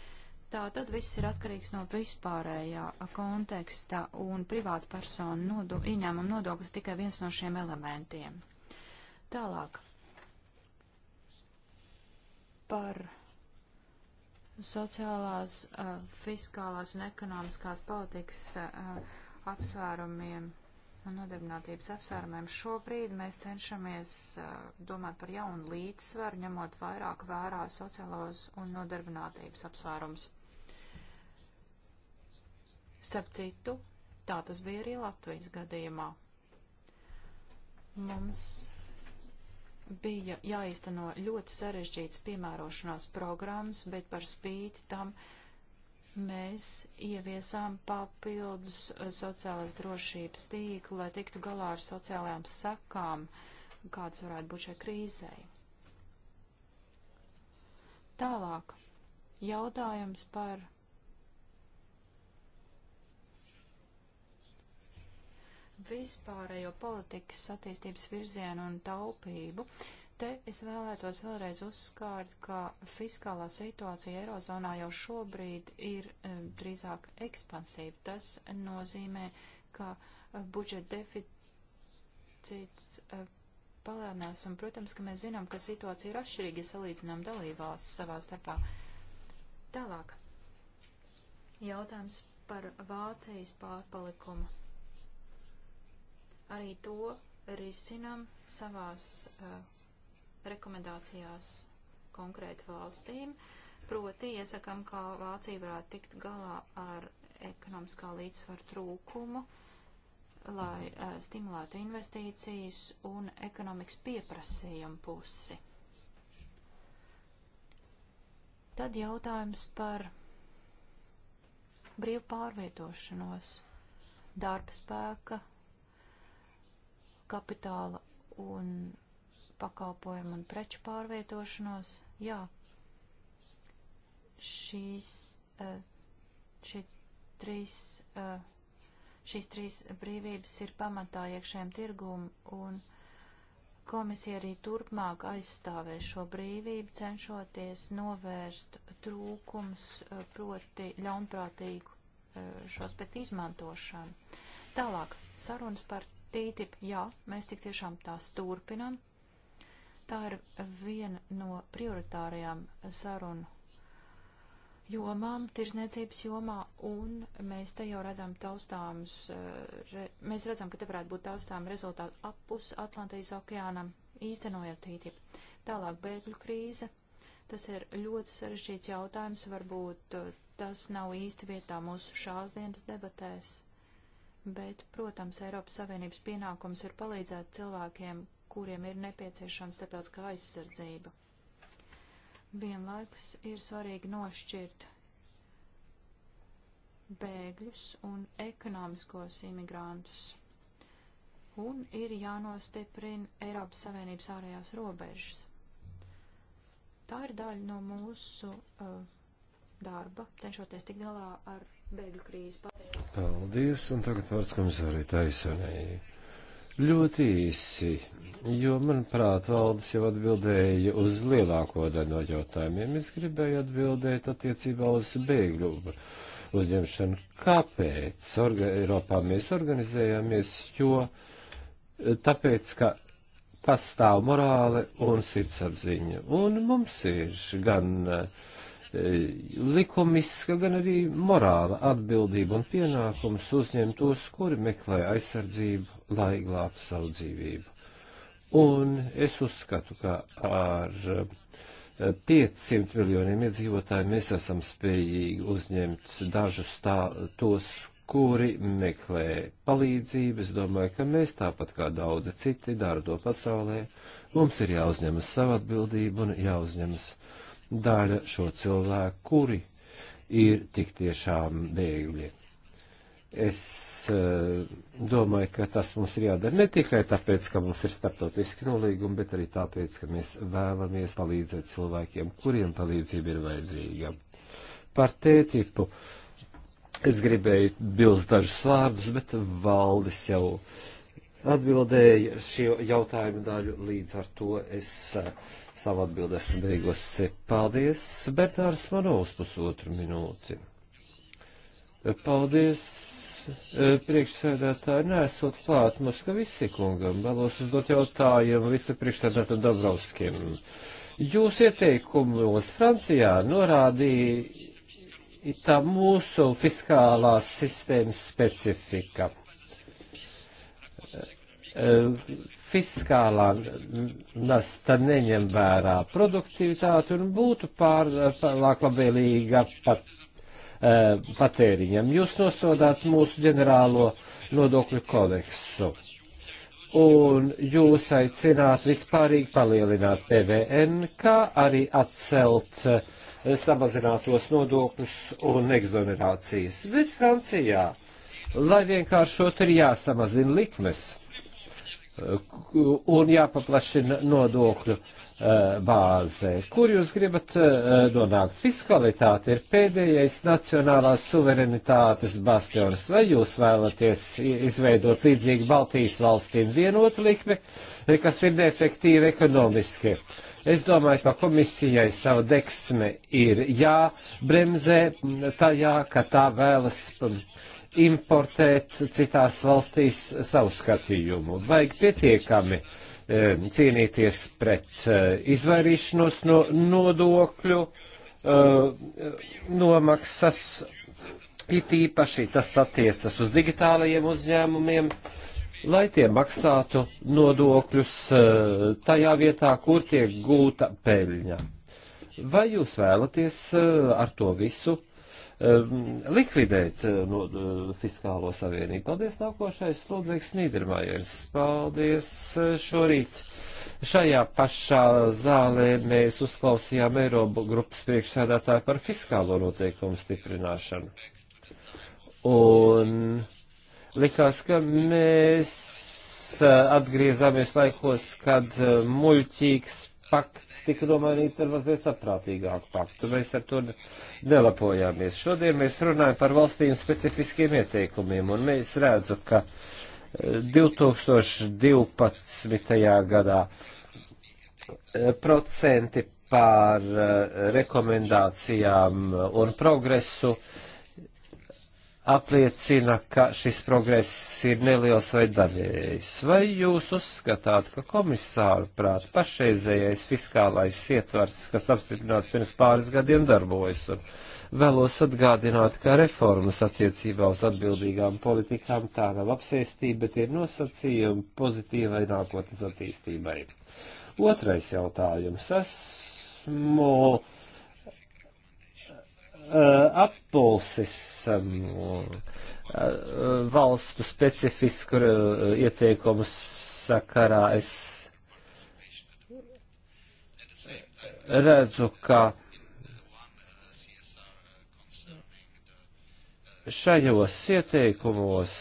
Tā tad viss ir atkarīgs no vispārējā konteksta un privātu personu nodo, ieņēmuma nodoklis tikai viens no šiem elementiem. Tālāk par sociālās, fiskālās un ekonomiskās politikas apsvērumiem un nodarbinātības apsvērumiem. Šobrīd mēs cenšamies domāt par jaunu līdzsvaru, ņemot vairāk vērā sociālos un nodarbinātības apsvērumus. Starp citu, tā tas bija arī Latvijas gadījumā. Mums bija jāizteno ļoti sarežģīts piemērošanās programmas, bet par spīti tam mēs ieviesām papildus eh, sociālās drošības tīklu, lai tiktu galā ar sociālajām sakām, kādas varētu būt šai krīzei. Tālāk jautājums par vispārējo politikas attīstības virzienu un taupību, te es vēlētos vēlreiz uzskārt, ka fiskālā situācija Eirozonā jau šobrīd ir eh, drīzāk ekspansīva. Tas nozīmē, ka eh, budžeta deficīts eh, palēnās, un, protams, ka mēs zinām, ka situācija ir atšķirīga, ja salīdzinām dalībās savā starpā. Tālāk. Jautājums par Vācijas pārpalikumu. Arī to risinam savās uh, rekomendācijās konkrēti valstīm. Proti, iesakam, ka Vācija varētu tikt galā ar ekonomiskā līdzsvaru trūkumu, lai uh, stimulētu investīcijas un ekonomikas pieprasījumu pusi. Tad jautājums par brīvu pārvietošanos, darba spēka kapitāla un pakalpojumu un preču pārvietošanos. Jā, šīs, eh, šī trīs, eh, šīs trīs brīvības ir pamatā iekšējiem tirgum un komisija arī turpmāk aizstāvēs šo brīvību, cenšoties novērst trūkums, eh, proti ļaunprātīgu šo aspektu izmantošanu. Tālāk, sarunas par TTIP, jā, mēs tik tiešām tās turpinam. Tā ir viena no prioritārajām sarunu jomām, tirzniecības jomā, un mēs te jau redzam taustāms, eh, re, mēs redzam, ka te varētu būt taustām rezultāti apus Atlantijas okeānam, īstenojot TTIP. Tālāk bēgļu krīze. Tas ir ļoti sarežģīts jautājums, varbūt eh, tas nav īsti vietā mūsu šās dienas debatēs bet, protams, Eiropas Savienības pienākums ir palīdzēt cilvēkiem, kuriem ir nepieciešama starptautiskā aizsardzība. Vienlaikus ir svarīgi nošķirt bēgļus un ekonomiskos imigrantus. Un ir jānostiprina Eiropas Savienības ārējās robežas. Tā ir daļa no mūsu uh, darba, cenšoties tik galā ar bēgļu krīzi. Paldies. Paldies, un tagad vārds komisārai Taisonai. Ļoti īsi, jo, manuprāt, valdes jau atbildēja uz lielāko daļu no jautājumiem. Es gribēju atbildēt attiecībā uz bēgļu uzņemšanu. Kāpēc Orga Eiropā mēs organizējāmies? Jo eh, tāpēc, ka pastāv morāli un sirdsapziņa. Un mums ir gan uh, Eh, likumiska, gan arī morāla atbildība un pienākums uzņemt tos, kuri meklē aizsardzību, lai glābtu savu dzīvību. Un es uzskatu, ka ar 500 eh, miljoniem iedzīvotāju mēs esam spējīgi uzņemt dažus tā, tos, kuri meklē palīdzību. Es domāju, ka mēs tāpat kā daudzi citi dara to pasaulē. Mums ir jāuzņemas savu atbildību un jāuzņemas uh, daļa šo cilvēku, kuri ir tik tiešām bēgļi. Es uh, domāju, ka tas mums ir jādara ne tikai tāpēc, ka mums ir starptautiski nolīgumi, bet arī tāpēc, ka mēs vēlamies palīdzēt cilvēkiem, kuriem palīdzība ir vajadzīga. Par tētipu es gribēju bilst dažus vārdus, bet valdis jau atbildēja šo jautājumu daļu, līdz ar to es uh, savu atbildi esmu beigusi. Paldies, Bernārs Manovs, pusotru minūti. Paldies, e, priekšsēdētāji, nesot klāt Moskavisi kungam, vēlos uzdot jautājumu vicepriekšsēdētājam Dabrovskim. Jūs ieteikumos Francijā norādīja tā mūsu fiskālās sistēmas specifika e, fiskālā nasta neņem vērā produktivitāti un būtu pārāk labvēlīga pat, eh, patēriņam. Jūs nosodāt mūsu ģenerālo nodokļu kodeksu. Un jūs aicināt vispārīgi palielināt PVN, kā arī atcelt eh, samazinātos nodokļus un eksonerācijas. Bet Francijā, lai vienkāršot, ir jāsamazina likmes un jāpaplašina nodokļu eh, bāzē. Kur jūs gribat eh, nonākt? Fiskalitāte ir pēdējais nacionālās suverenitātes bastions. Vai jūs vēlaties izveidot līdzīgi Baltijas valstīm vienotu likmi, eh, kas ir neefektīva ekonomiski? Es domāju, ka komisijai savu deksmi ir jābremzē tajā, ka tā vēlas importēt citās valstīs savu skatījumu. Vajag pietiekami cīnīties pret eh, izvairīšanos no nodokļu eh, nomaksas. It īpaši tas attiecas uz digitālajiem uzņēmumiem, lai tie maksātu nodokļus eh, tajā vietā, kur tiek gūta peļņa. Vai jūs vēlaties ar to visu likvidēt eh, no, eh, fiskālo savienību. Paldies, nākošais Ludvigs Nīdermājers. Paldies eh, šorīt. Šajā pašā zālē mēs uzklausījām Eirobu grupas priekšsēdētāju par fiskālo noteikumu stiprināšanu. Un likās, ka mēs atgriezāmies laikos, kad muļķīgs pakts tika nomainīts ar mazliet saprātīgāku paktu. Mēs ar to nelapojāmies. Šodien mēs runājam par valstīm specifiskiem ieteikumiem, un mēs redzu, ka 2012. Eh, gadā eh, procenti pār eh, rekomendācijām un progresu uh, apliecina, ka šis progress ir neliels vai daļējs. Vai jūs uzskatāt, ka komisāra prāt pašreizējais fiskālais ietvars, kas apstiprināts pirms pāris gadiem, darbojas? Un vēlos atgādināt, ka reformas attiecībā uz atbildīgām politikām tā nav apsēstība, bet ir nosacījumi pozitīvai nākotnes attīstībai. Otrais jautājums. Esmu Uh, apulsis um, uh, valstu specifisku uh, ieteikumu sakarā. Es redzu, ka šajos ieteikumos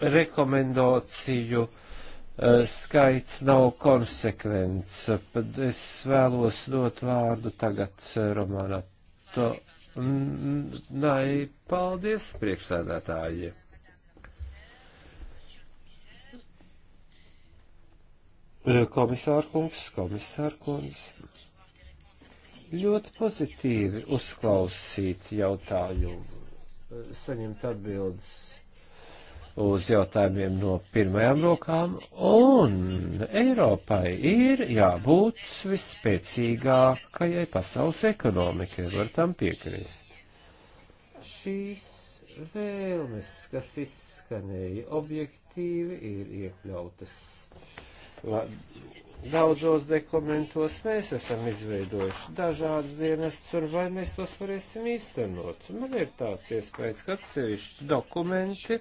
rekomendāciju Eh, skaits nav konsekvents. Es vēlos dot vārdu tagad eh, Romānā. To mm, mm, nai paldies priekšsēdētāji. Eh, komisārkungs, komisārkungs. Ļoti pozitīvi uzklausīt jautājumu, saņemt atbildes uz jautājumiem no pirmajām rokām, un Eiropai ir jābūt visspēcīgākajai pasaules ekonomikai, var tam piekrist. Šīs vēlmes, kas izskanēja objektīvi, ir iekļautas daudzos dokumentos mēs esam izveidojuši dažādas dienestas, un vai mēs tos varēsim īstenot. Man ir tāds iespējas, ka atsevišķi dokumenti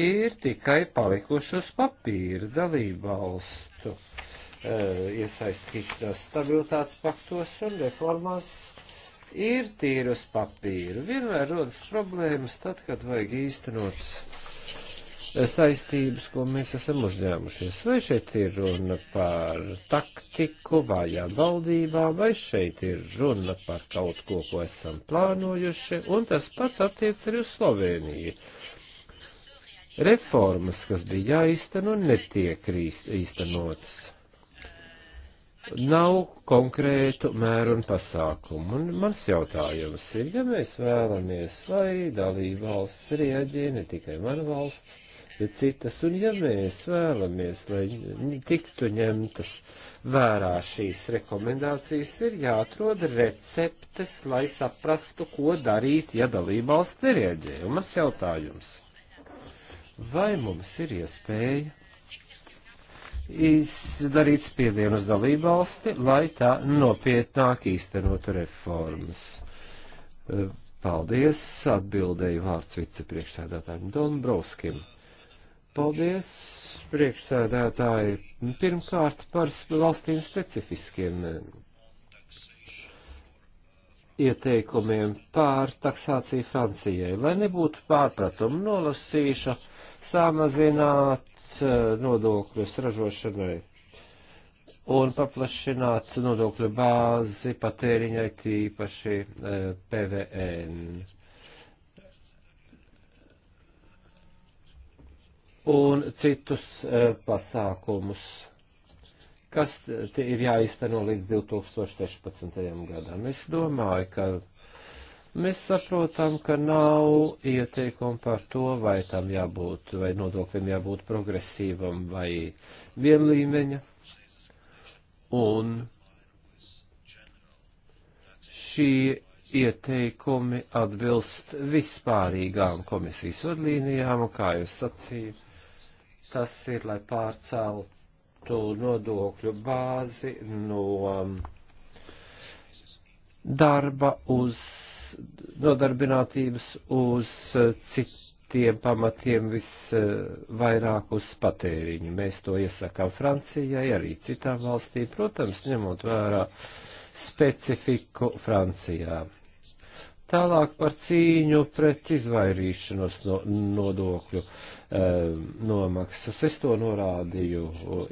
ir tikai palikuši uz papīra dalībvalstu e, iesaistīšanās stabilitātes paktos un reformās ir tīri uz papīra. Vienmēr rodas problēmas tad, kad vajag īstenot saistības, ko mēs esam uzņēmušies. Vai šeit ir runa par taktiku, vājām valdībām, vai šeit ir runa par kaut ko, ko esam plānojuši, un tas pats attiec arī uz Sloveniju reformas, kas bija jāizteno, netiek īstenotas. Nav konkrētu mēru un pasākumu. Un mans jautājums ir, ja mēs vēlamies, lai dalība valsts rieģē, ne tikai mana valsts, bet citas, un ja mēs vēlamies, lai tiktu ņemtas vērā šīs rekomendācijas, ir jāatrod receptes, lai saprastu, ko darīt, ja dalība valsts nerieģē. Un mans jautājums ir vai mums ir iespēja izdarīt spiedienu uz dalību valsti, lai tā nopietnāk īstenotu reformas. Paldies, atbildēju vārds vicepriekšsēdētājiem Dombrovskim. Paldies, priekšsēdētāji, pirmkārt par valstīm specifiskiem ieteikumiem pār taksāciju Francijai. Lai nebūtu pārpratumu, nolasīšu samazināt eh, nodokļus ražošanai un paplašināt nodokļu bāzi patēriņai tīpaši eh, PVN. Un citus eh, pasākumus kas ir jāizteno līdz 2016. gadam. Es domāju, ka mēs saprotam, ka nav ieteikumu par to, vai tam jābūt, vai nodoklim jābūt progresīvam vai vienlīmeņa. Un šie ieteikumi atbilst vispārīgām komisijas vadlīnijām, un kā jūs sacījāt, tas ir, lai pārceltu tu nodokļu bāzi no um, darba uz nodarbinātības uz citiem pamatiem visvairāk uz patēriņu. Mēs to iesakām Francijai, arī citām valstīm, protams, ņemot vērā specifiku Francijā. Tālāk par cīņu pret izvairīšanos no nodokļu e, nomaksas. Es to norādīju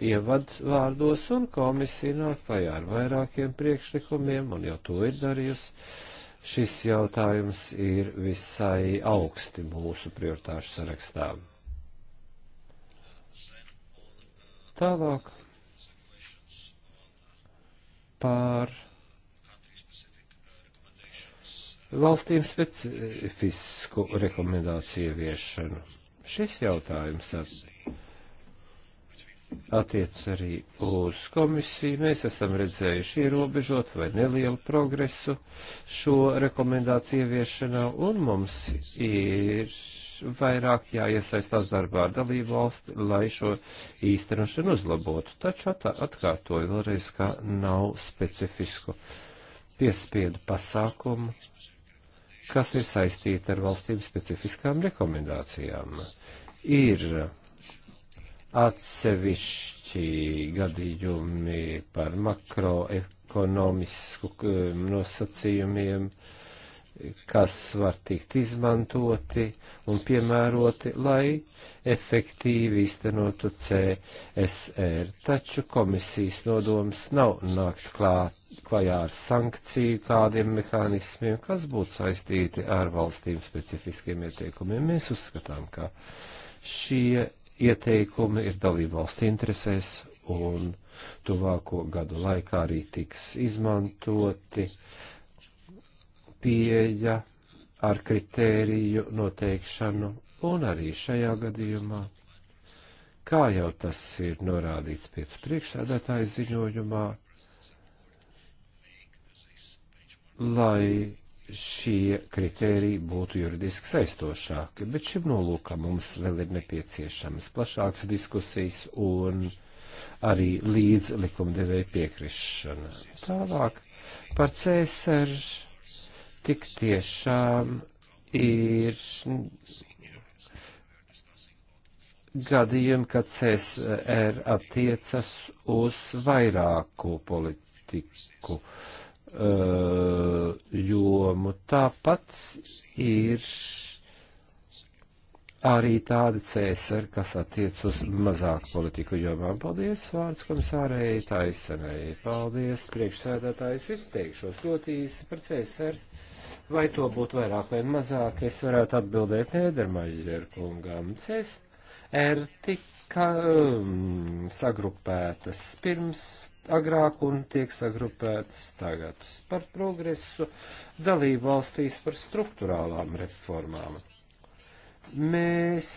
ievadvārdos, un komisija nāk klajā ar vairākiem priekšlikumiem, un jau to ir darījusi. Šis jautājums ir visai augsti mūsu prioritāšu sarakstā. Tālāk par valstīm specifisku rekomendāciju ieviešanu. Šis jautājums attiec arī uz komisiju. Mēs esam redzējuši ierobežot vai nelielu progresu šo rekomendāciju ieviešanā, un mums ir vairāk jāiesaistās darbā ar dalību valsti, lai šo īstenošanu uzlabotu. Taču atkārtoju vēlreiz, ka nav specifisku piespiedu pasākumu kas ir saistīti ar valstīm specifiskām rekomendācijām. Ir atsevišķi gadījumi par makroekonomisku nosacījumiem, kas var tikt izmantoti un piemēroti, lai efektīvi iztenotu CSR. Taču komisijas nodoms nav nākt klāt klajā ar sankciju kādiem mehānismiem, kas būtu saistīti ar valstīm specifiskiem ieteikumiem. Mēs uzskatām, ka šie ieteikumi ir dalību valstu interesēs un tuvāko gadu laikā arī tiks izmantoti pieeja ar kritēriju noteikšanu un arī šajā gadījumā, kā jau tas ir norādīts pēc priekšsēdētāja ziņojumā, lai šie kriteriji būtu juridiski saistošāki, bet šim nolūkam mums vēl ir nepieciešamas plašākas diskusijas un arī līdz likumdevēja piekrišana. Tālāk par cēsaru tik tiešām ir gadījumi, kad CSR attiecas uz vairāku politiku. Uh, uh, jomu. Tāpat ir arī tādi cēsari, kas attiec uz mazāk politiku jomām. Paldies, vārds komisārei Taisenai. Paldies, priekšsēdētājs izteikšos ļoti īsi par cēsari. Vai to būtu vairāk vai mazāk, es varētu atbildēt Nēdermaļer kungam. Cēs, er tika um, sagrupētas pirms agrāk un tiek sagrupētas tagad par progresu dalību valstīs par struktūrālām reformām. Mēs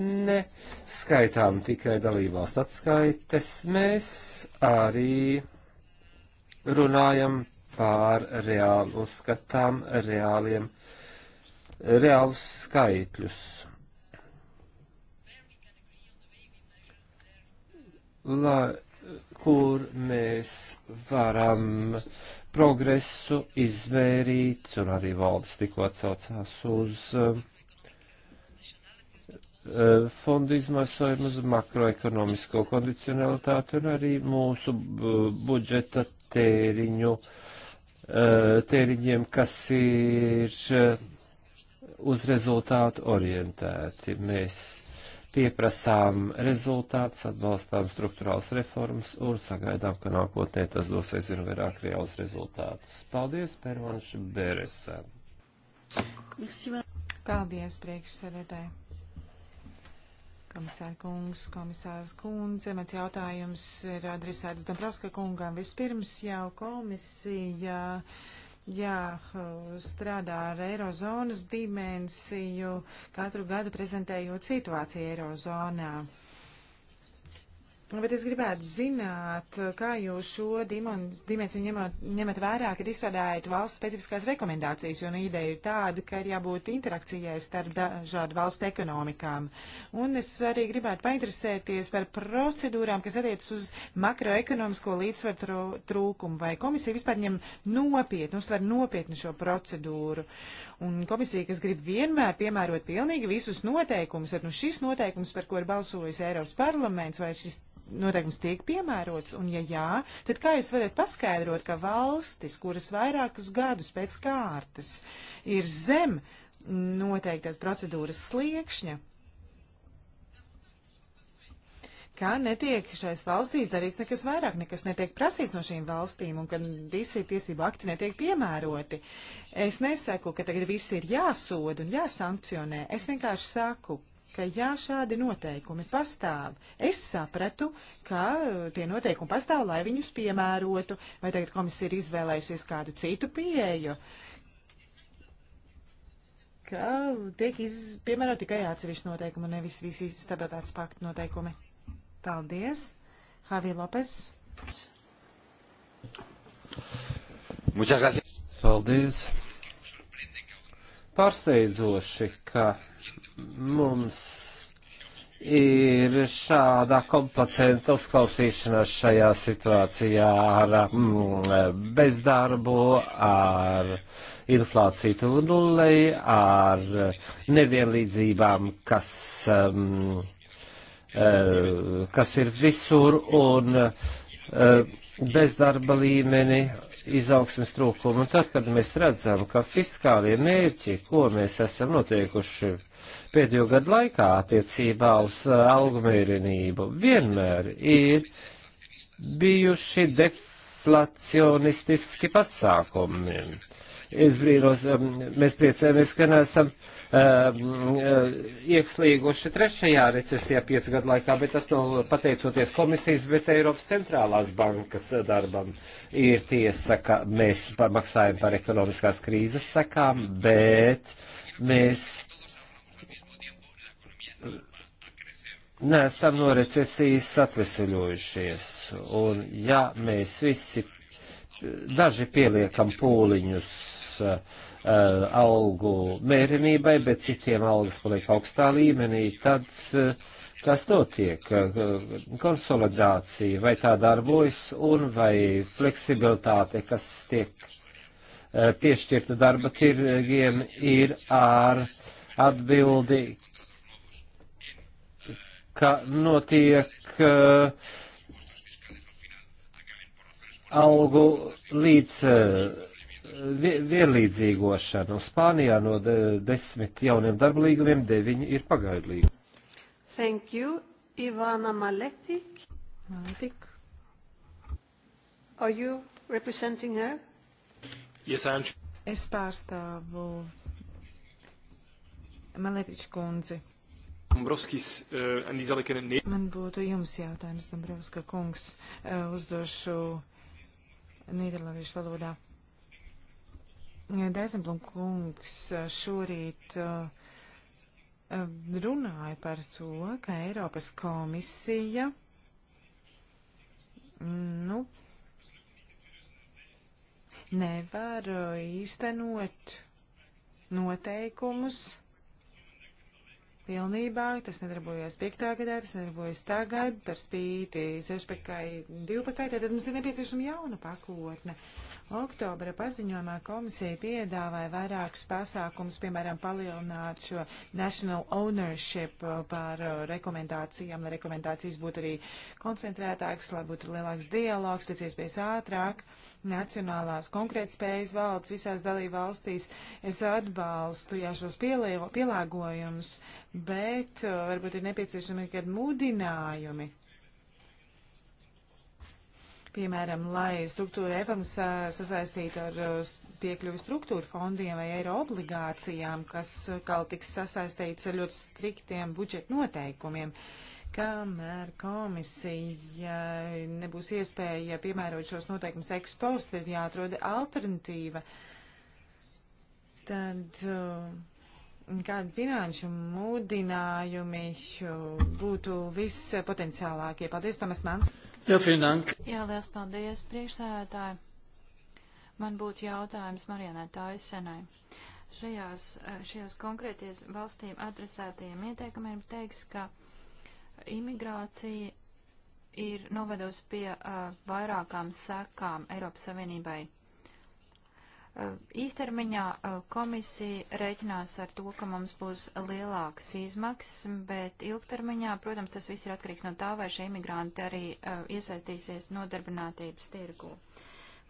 neskaitām tikai dalību valstu atskaites, mēs arī runājam pār reāli, uzskatām reāliem, reālus skaitļus. Lai kur mēs varam progresu izmērīt, un arī valdes tikko atsaucās uz um, uh, fondu izmasojumu uz makroekonomisko kondicionalitāti un arī mūsu budžeta tēriņu, uh, tēriņiem, kas ir uh, uz rezultātu orientēti. Mēs pieprasām rezultātus, atbalstām struktūrāls reformas un sagaidām, ka nākotnē tas dos aizvien vairāk reāls rezultātus. Paldies, Pervanš Beresa. Paldies, priekšsēdētāji. Komisāra kungs, komisārs kundze, mans jautājums ir adresēts Dombrovska kungam. Vispirms jau komisija. Uh, jāstrādā eh, ar Eirozonas dimensiju, katru gadu prezentējot situāciju Eirozonā. Nu, bet es gribētu zināt, kā jūs šo dimensiju ņemat, ņemat vērā, kad izstrādājat valsts specifiskās rekomendācijas, jo nu, ideja ir tāda, ka ir jābūt interakcijai starp dažādu valstu ekonomikām. Un es arī gribētu painteresēties par procedūrām, kas attiec uz makroekonomisko līdzsvaru trūkumu, vai komisija vispār ņem nopietni, uztver nopietni šo procedūru. Un komisija, kas grib vienmēr piemērot pilnīgi visus noteikumus, vai nu šis noteikums, par ko ir balsojis Eiropas parlaments, vai šis noteikums tiek piemērots, un ja jā, tad kā jūs varat paskaidrot, ka valstis, kuras vairākus gadus pēc kārtas ir zem noteiktās procedūras sliekšņa, ka netiek šais valstīs darīts nekas vairāk, nekas netiek prasīts no šīm valstīm un ka visi tiesību akti netiek piemēroti. Es nesaku, ka tagad visi ir jāsoda un jāsankcionē. Es vienkārši saku, ka jā, šādi noteikumi pastāv. Es sapratu, ka tie noteikumi pastāv, lai viņus piemērotu, vai tagad komisija ir izvēlējusies kādu citu pieeju ka tiek iz, piemērot tikai atsevišķi noteikumi, nevis visi stabilitātes paktu noteikumi. Paldies. Javi Lopes. Paldies. Pārsteidzoši, ka mums ir šādā komplacenta uzklausīšanās šajā situācijā ar mm, bezdarbu, ar inflāciju tuvu nullei, ar nevienlīdzībām, kas mm, Eh, kas ir visur un eh, bezdarba līmeni, izaugsmes trūkumu. Un tad, kad mēs redzam, ka fiskālie mērķi, ko mēs esam noteikuši pēdējo gadu laikā attiecībā uz eh, algu mērenību, vienmēr ir bijuši deflacionistiski pasākumi. Uh, Es brīnos, um, mēs priecējamies, ka neesam um, uh, iekslīguši trešajā recesijā piecu gadu laikā, bet tas nav pateicoties komisijas, bet Eiropas centrālās bankas darbam. Ir tiesa, ka mēs maksājam par ekonomiskās krīzes sekām, bet mēs neesam no recesijas atveseļojušies. Un ja mēs visi daži pieliekam pūliņus Uh, uh, algu mērenībai, bet citiem algas paliek augstā līmenī, tad kas uh, notiek? Konsolidācija, vai tā darbojas, un vai fleksibilitāte, kas tiek piešķirta darba tirgiem, ir ar atbildi, ka notiek uh, algu līdz uh, vienlīdzīgošanu. Spānijā no de, desmit jauniem darba līgumiem deviņi ir pagaidu līgumi. Thank you, Ivana Maletik. Maletik. Are you representing her? Yes, I'm. Es pārstāvu Maletiču kundzi. Dombrovskis, uh, Andīs Alekene. Man būtu jums jautājums, Dombrovska kungs, uh, uzdošu Nīderlandiešu valodā. Uh, Dēzemplum kungs eh, šorīt eh, runāja par to, ka Eiropas komisija nu, nevar eh, īstenot noteikumus pilnībā, tas nedarbojas 5. gadā, tas nedarbojas tagad, par spīti 6 pakai, 2 pakai, tad mums ir nepieciešama jauna pakotne. Oktobra paziņojumā komisija piedāvāja vairākus pasākums, piemēram, palielināt šo national ownership uh, par uh, rekomendācijām, lai rekomendācijas būtu arī koncentrētākas, lai būtu lielāks dialogs, pēc iespējas ātrāk. Uh, nacionālās konkrētspējas valdes visās dalībvalstīs. Es atbalstu jā, šos pielāgojumus, bet uh, varbūt ir nepieciešami kādi mudinājumi. Piemēram, lai struktūra reformas sasaistītu ar uh, piekļuvi struktūra fondiem vai eiro obligācijām, kas uh, kā tiks sasaistīts ar ļoti striktiem budžeta noteikumiem. Uh, Kamēr komisija nebūs iespēja piemērot šos noteikumus ekspost, ir jāatrod alternatīva. Tad um, kādas finanšu mūdinājumi būtu vispotenciālākie? Paldies, Tomas Mans. Jā, finank. Jā, liels paldies, priekšsēdētāji. Man būtu jautājums Marijanai Taisenai. Šajās, šajos konkrēties valstīm adresētajiem ieteikumiem teiks, ka imigrācija ir novedusi pie uh, vairākām sekām Eiropas Savienībai. Uh, īstermiņā uh, komisija rēķinās ar to, ka mums būs lielākas izmaksas, bet ilgtermiņā, protams, tas viss ir atkarīgs no tā, vai šie imigranti arī uh, iesaistīsies nodarbinātības tirgū.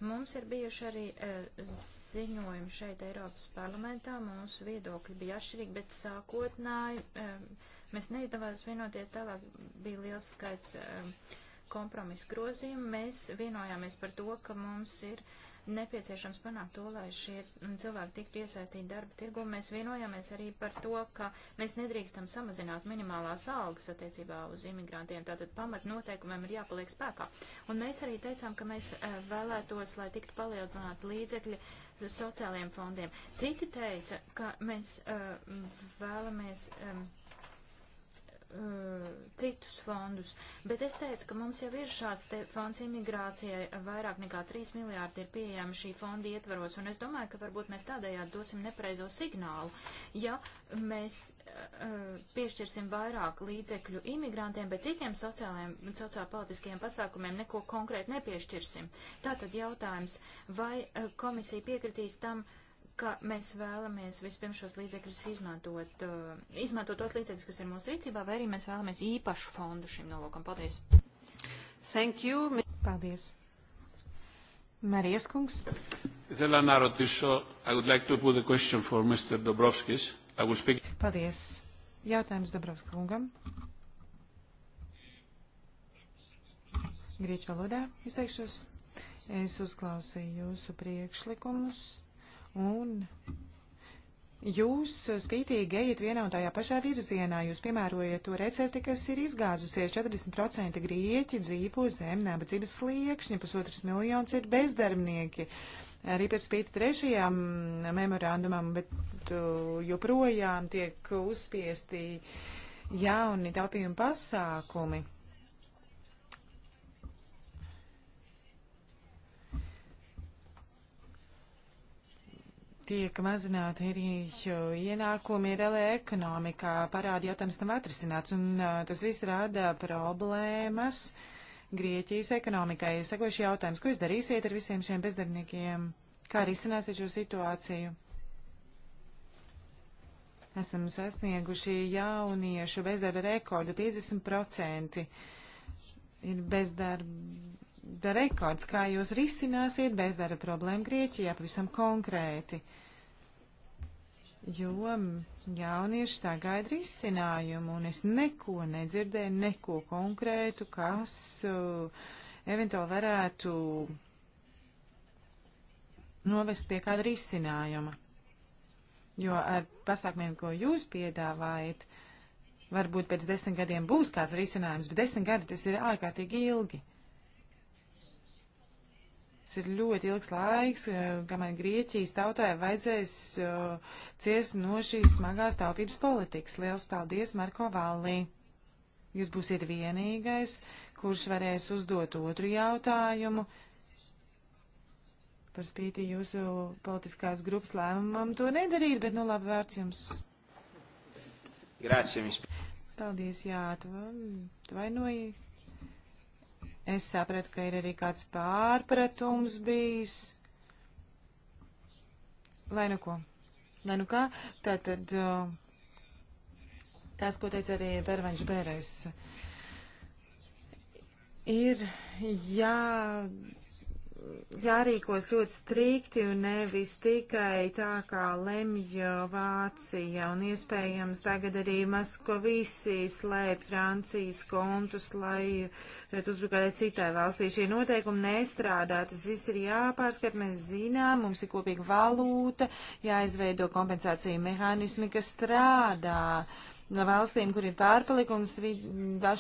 Mums ir bijuši arī ziņojumi šeit Eiropas parlamentā, mūsu viedokļi bija atšķirīgi, bet sākotnēji Mēs neiedavās vienoties tālāk, bija liels skaits um, kompromisu grozījumu. Mēs vienojāmies par to, ka mums ir nepieciešams panākt to, lai šie mm, cilvēki tiktu iesaistīti darba tirgu. Mēs vienojāmies arī par to, ka mēs nedrīkstam samazināt minimālās algas attiecībā uz imigrantiem, tātad pamat noteikumiem ir jāpaliek spēkā. Un mēs arī teicām, ka mēs eh, vēlētos, lai tiktu palielināti līdzekļi sociālajiem fondiem. Citi teica, ka mēs eh, vēlamies. Um, uh, citus fondus, bet es teicu, ka mums jau ir šāds fonds imigrācijai, vairāk nekā 3 miljārdi ir pieejami šī fonda ietvaros, un es domāju, ka varbūt mēs tādējādi dosim nepareizo signālu, ja mēs uh, piešķirsim vairāk līdzekļu imigrantiem, bet citiem sociālajiem, sociālpolitiskajiem pasākumiem neko konkrēti nepiešķirsim. Tātad jautājums, vai uh, komisija piekritīs tam, uh, ka mēs vēlamies vispirms šos līdzekļus izmantot, uh, izmantot tos līdzekļus, kas ir mūsu rīcībā, vai arī mēs vēlamies īpašu fondu šim nolūkam. Paldies! Thank you! Paldies! Marijas kungs. Θέλω να ρωτήσω, I would like to put a question for Mr. Dobrovskis. I will speak. Paldies. Jautājums Dobrovskis kungam. Grieķu valodā izteikšos. Es uzklausīju jūsu priekšlikumus Un Jūs spītīgi ejiet vienā un tajā pašā virzienā, jūs piemērojat to recepti, kas ir izgāzusies 40% grieķi dzīvo zem nabadzības sliekšņa, pusotras miljons ir bezdarbnieki. Arī pēc spīti trešajām memorandumam, bet uh, joprojām tiek uzspiesti jauni taupījumi pasākumi. tiek mazināti arī ienākumi reālajā ekonomikā. Parādi jautājums nav atrisināts, un tas viss rada problēmas Grieķijas ekonomikai. Sekoši jautājums, ko jūs darīsiet ar visiem šiem bezdarbniekiem? Kā risināsiet šo situāciju? Esam sasnieguši jauniešu bezdarba rekordu 50%. Ir bezdarba rekords, kā jūs risināsiet bezdarba problēmu Grieķijā pavisam konkrēti jo mm, jaunieši sagaida risinājumu, un es neko nedzirdēju, neko konkrētu, kas uh, eventuāli varētu novest pie kāda risinājuma. Jo ar pasākumiem, ko jūs piedāvājat, varbūt pēc desmit gadiem būs kāds risinājums, bet desmit gadi tas ir ārkārtīgi ilgi. Tas ir ļoti ilgs laiks, eh, kamēr Grieķijas tautai vajadzēs eh, ciest no šīs smagās taupības politikas. Liels paldies, Marko Vallī! Jūs būsiet vienīgais, kurš varēs uzdot otru jautājumu. Par spīti jūsu politiskās grupas lēmumam to nedarīt, bet nu labi vērts jums. Grācijums. Paldies, jā, atvainojiet Es sapratu, ka ir arī kāds pārpratums bijis. Lai nu ko. Lai nu kā. Tātad tās, ko teica arī Pervenš Bērēs, ir jā. Ja jārīkojas ļoti strikti un nevis tikai tā, kā lemj Vācija un iespējams tagad arī Maskovisī slēp Francijas kontus, lai varētu uzbrukt kādai citai valstī. Šie noteikumi nestrādā, tas viss ir jāpārskat, mēs zinām, mums ir kopīga valūta, jāizveido kompensāciju mehānismi, kas strādā. Uh, no valstīm, kur ir pārpalikums,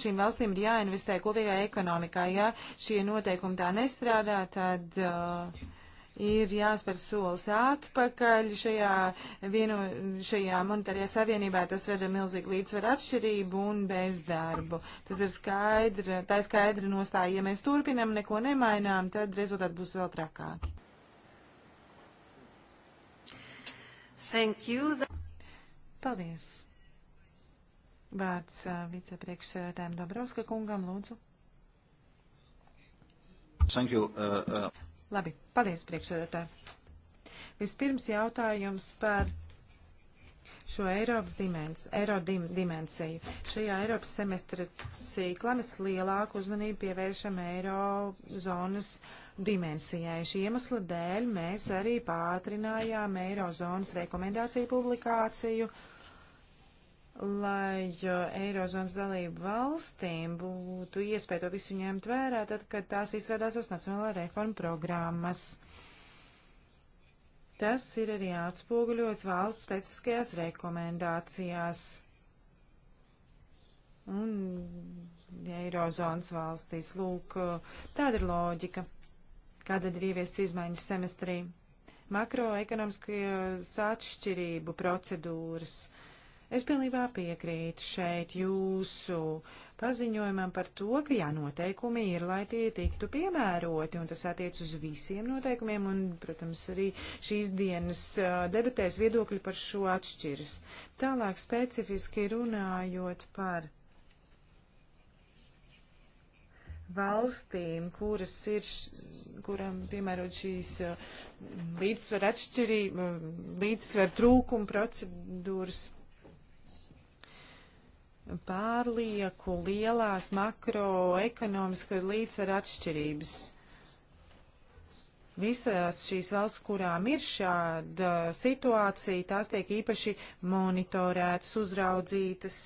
šīm valstīm ir jāinvestē kopīgā ekonomikā. Ja šie noteikumi tā nestrādā, tad uh, ir jāspēr solis atpakaļ šajā, vienu, šajā monetārajā savienībā. Tas rada milzīgu līdzsvaru atšķirību un bezdarbu. Tas ir skaidri, tā ir skaidra nostāja. Ja mēs turpinam, neko nemainām, tad rezultāti būs vēl trakāki. Thank you. Paldies. Vārds vicepriekšsēdētājiem Dobrovska kungam, lūdzu. Thank you. Uh, uh. Labi, paldies priekšsēdētāji. Vispirms jautājums par šo Eiropas dimens, Eiro dim, dimensiju. Šajā Eiropas semestra ciklā mēs lielāku uzmanību pievēršam Eirozonas dimensijai. Šī iemesla dēļ mēs arī pātrinājām Eirozonas rekomendāciju publikāciju. Uh, lai Eirozonas dalību valstīm būtu iespēja to visu ņemt vērā, tad, kad tās izstrādās uz nacionālā reforma programmas. Tas ir arī atspoguļos valsts specifiskajās rekomendācijās. Un Eirozonas valstīs. Lūk, tāda ir loģika. Kāda ir ieviestas izmaiņas semestrī? Makroekonomiskas atšķirību procedūras. Uh, Es pilnībā piekrītu šeit jūsu paziņojumam par to, ka jā, noteikumi ir, lai tie tiktu piemēroti, un tas attiec uz visiem noteikumiem, un, protams, arī šīs dienas debatēs viedokļi par šo atšķiras. Tālāk specifiski runājot par valstīm, kuras ir, kuram piemērot šīs līdzsver atšķirība, līdzsver trūkuma procedūras pārlieku lielās makroekonomiskas līdzsvera atšķirības. Visās šīs valsts, kurām ir šāda situācija, tās tiek īpaši monitorētas, uzraudzītas.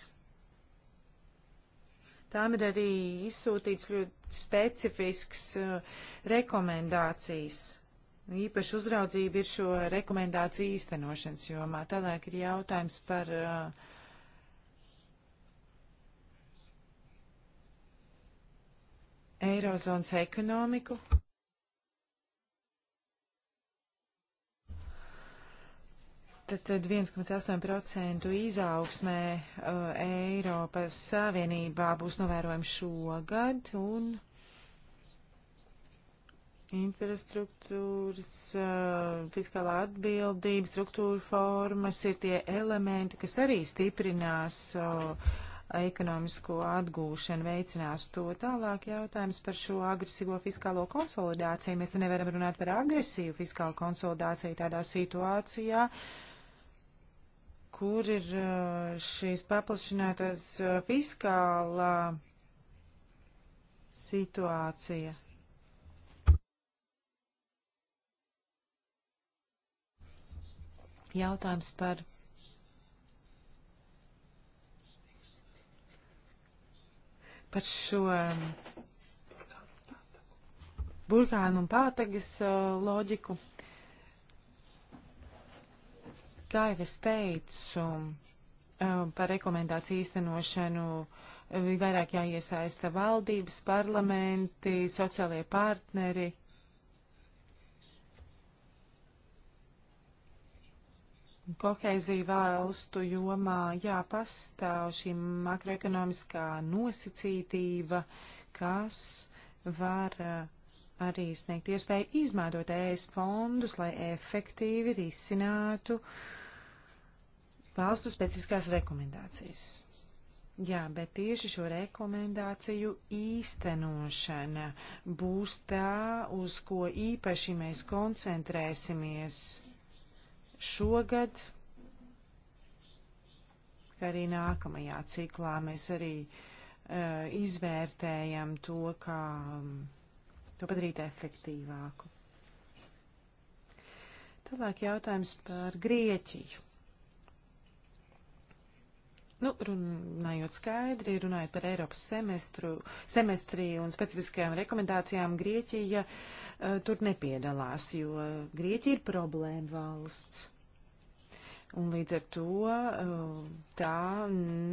Tām ir arī izsūtīts ļoti specifisks uh, rekomendācijas. Īpaši uzraudzība ir šo rekomendāciju īstenošanas jomā. Tālāk ir jautājums par uh, Eirozonas ekonomiku. Tad 1,8% izaugsmē uh, Eiropas Savienībā būs novērojama šogad un infrastruktūras, uh, fiskālā atbildība, struktūra formas ir tie elementi, kas arī stiprinās uh, ekonomisko atgūšanu veicinās to. Tālāk jautājums par šo agresīvo fiskālo konsolidāciju. Mēs te nevaram runāt par agresīvu fiskālu konsolidāciju tādā situācijā, kur ir uh, šīs paplašinātās uh, fiskālā situācija. Jautājums par par šo um, burkānu un pātagas uh, loģiku. Kā jau es teicu, uh, par rekomendāciju īstenošanu uh, vairāk jāiesaista valdības, parlamenti, sociālie partneri Koheizija valstu jomā jāpastāv šī makroekonomiskā nosacītība, kas var eh, arī sniegt iespēju izmantot ES fondus, lai efektīvi risinātu valstu specifiskās rekomendācijas. Jā, bet tieši šo rekomendāciju īstenošana būs tā, uz ko īpaši mēs koncentrēsimies šogad, kā arī nākamajā ciklā. Mēs arī uh, izvērtējam to, kā um, to padarīt efektīvāku. Tālāk jautājums par Grieķiju. Nu, runājot skaidri, runājot par Eiropas semestru, semestri un specifiskajām rekomendācijām, Grieķija uh, tur nepiedalās, jo Grieķija ir problēma valsts. Un līdz ar to eh, tā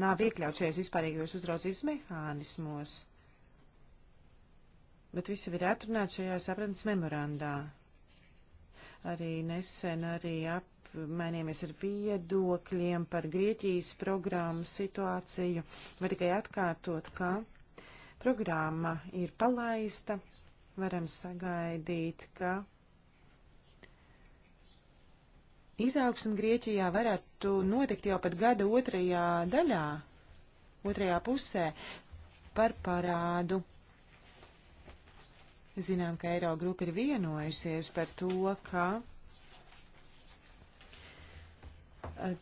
nav iekļaut šajos vispārīgajos uzraudzības mehānismos. Bet viss ir atrunāts šajā sapratnes memorandā. Arī nesen arī apmainījāmies ar viedokļiem par Grieķijas programmas situāciju. Var tikai atkārtot, ka programma ir palaista. Varam sagaidīt, ka Izaugsme Grieķijā varētu notikt jau pat gada otrajā daļā, otrajā pusē par parādu. Zinām, ka Eiro grupa ir vienojusies par to, ka e,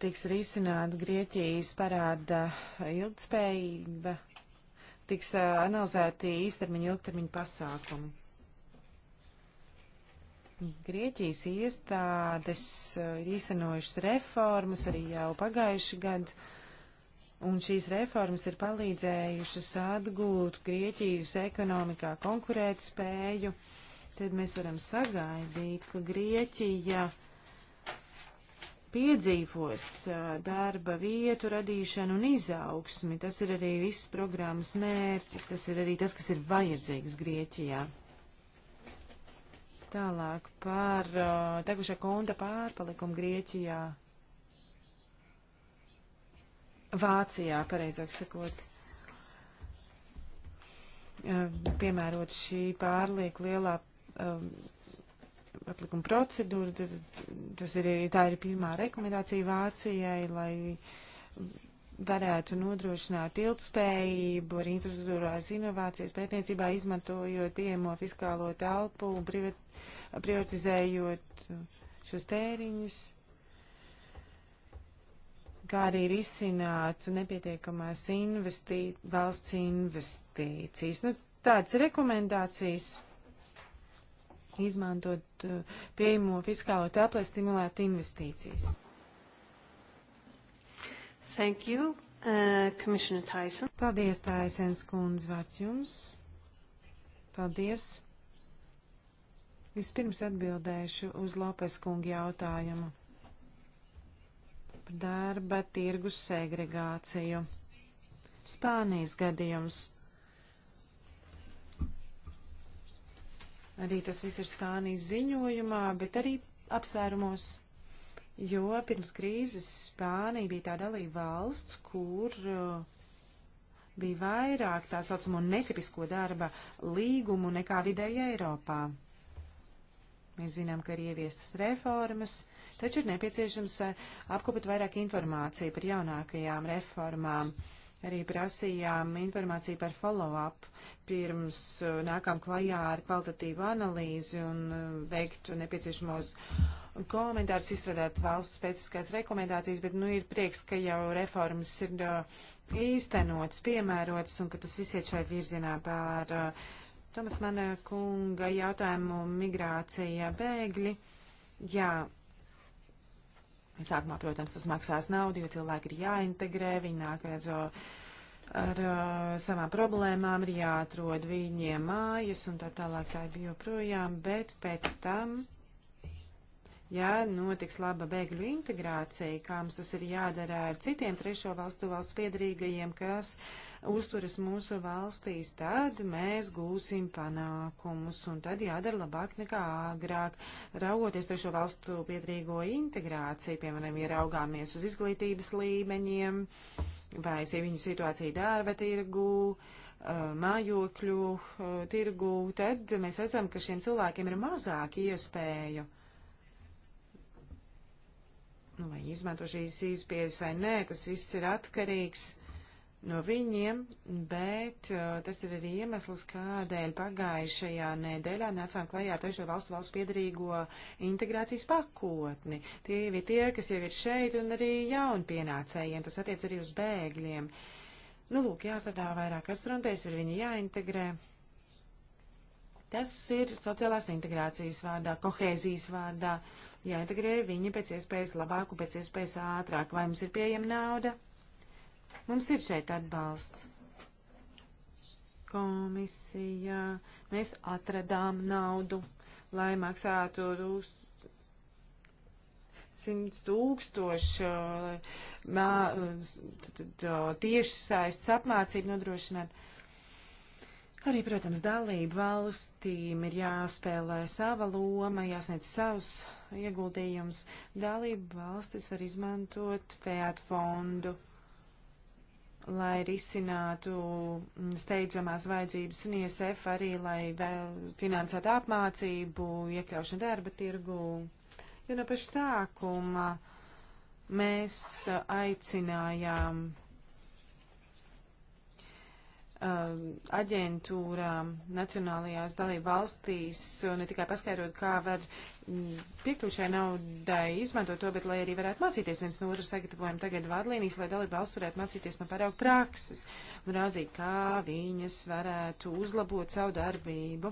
tiks risināt Grieķijas parāda ilgtspējība, tiks e, analizēti īstermiņa, ilgtermiņa pasākumi. Grieķijas iestādes eh, ir īstenojušas reformas arī jau pagājuši gadu, un šīs reformas ir palīdzējušas atgūt Grieķijas ekonomikā konkurēt spēju. Tad mēs varam sagaidīt, ka Grieķija piedzīvos eh, darba vietu radīšanu un izaugsmi. Tas ir arī viss programmas mērķis, tas ir arī tas, kas ir vajadzīgs Grieķijā. Tālāk par uh, tegušā konta pārpalikumu Grieķijā. Vācijā, pareizāk sakot, uh, piemērot šī pārlieku lielā um, aplikuma procedūra, tas ir, tā ir pirmā rekomendācija Vācijai, lai varētu nodrošināt ilgspējību ar infrastruktūrās inovācijas pētniecībā, izmantojot pieejamo fiskālo telpu un privatizējot šos tēriņus, kā arī risināt nepietiekamās investī, valsts investīcijas. Nu, tāds rekomendācijas izmantot uh, pieejamo fiskālo telpu, lai stimulētu investīcijas. Thank you. Uh, Commissioner Tyson. Paldies, Taisens kundze, vārds jums. Paldies. Vispirms atbildēšu uz Lopes kunga jautājumu par darba tirgus segregāciju. Spānijas gadījums. Arī tas viss ir Spānijas ziņojumā, bet arī apsvērumos jo pirms krīzes Spānija bija tā dalība valsts, kur uh, bija vairāk tā saucamo netipisko darba līgumu nekā vidēji Eiropā. Mēs zinām, ka ir ieviestas reformas, taču ir nepieciešams uh, apkopot vairāk informāciju par jaunākajām reformām. Uh, Arī prasījām informāciju par follow-up pirms uh, nākām klajā ar kvalitatīvu analīzi un uh, veiktu nepieciešamos komentārus, izstrādāt valstu specifiskās rekomendācijas, bet nu ir prieks, ka jau reformas ir uh, īstenotas, piemērotas un ka tas viss iet šai virzienā pār uh, Tomas Mana kunga jautājumu migrācija bēgļi. Jā, Sākumā, protams, tas maksās naudu, jo cilvēki ir jāintegrē, viņi nāk ar, ar, ar savām problēmām, ir jāatrod viņiem mājas un tā tālāk tā bija joprojām, bet pēc tam ja notiks laba bēgļu integrācija, kā mums tas ir jādara ar citiem trešo valstu valsts piedarīgajiem, kas uzturas mūsu valstīs, tad mēs gūsim panākumus un tad jādara labāk nekā agrāk. Raugoties trešo valstu piedarīgo integrāciju, piemēram, ja raugāmies uz izglītības līmeņiem vai sieviņu situāciju darba tirgu, mājokļu tirgu, tad mēs redzam, ka šiem cilvēkiem ir mazāk iespēju nu, vai izmanto šīs izpējas vai nē, tas viss ir atkarīgs no viņiem, bet uh, tas ir arī iemesls, kādēļ pagājušajā nedēļā nācām klajā ar trešo valstu valsts piedarīgo integrācijas pakotni. Tie ir tie, kas jau ir šeit, un arī jaunpienācējiem, tas attiec arī uz bēgļiem. Nu, lūk, jāstrādā vairākās frontēs, ir viņi jāintegrē. Tas ir sociālās integrācijas vārdā, kohēzijas vārdā. Uh, jāintegrē viņi pēc iespējas labāk un pēc iespējas ātrāk. Vai mums ir pieejama nauda? Mums ir šeit atbalsts. Komisija, mēs atradām naudu, lai maksātu 100 tūkstoši uh, uh, uh, tieši saistas apmācību nodrošināt. Arī, protams, dalību valstīm ir jāspēlē sava loma, jāsniedz savus ieguldījums. Dalība valstis var izmantot FEAT fondu, lai risinātu steidzamās vajadzības un ISF arī, lai vēl finansētu apmācību, iekļaušanu darba tirgu. Jo no paša sākuma mēs aicinājām Um, aģentūrām nacionālajās dalība valstīs ne tikai paskaidrot, kā var mm, piekļūt šai naudai, izmantot to, bet lai arī varētu mācīties viens no otra, sagatavojam tagad vadlīnijas, lai dalība valsts varētu mācīties no paraugu prakses un rādzīt, kā viņas varētu uzlabot savu darbību.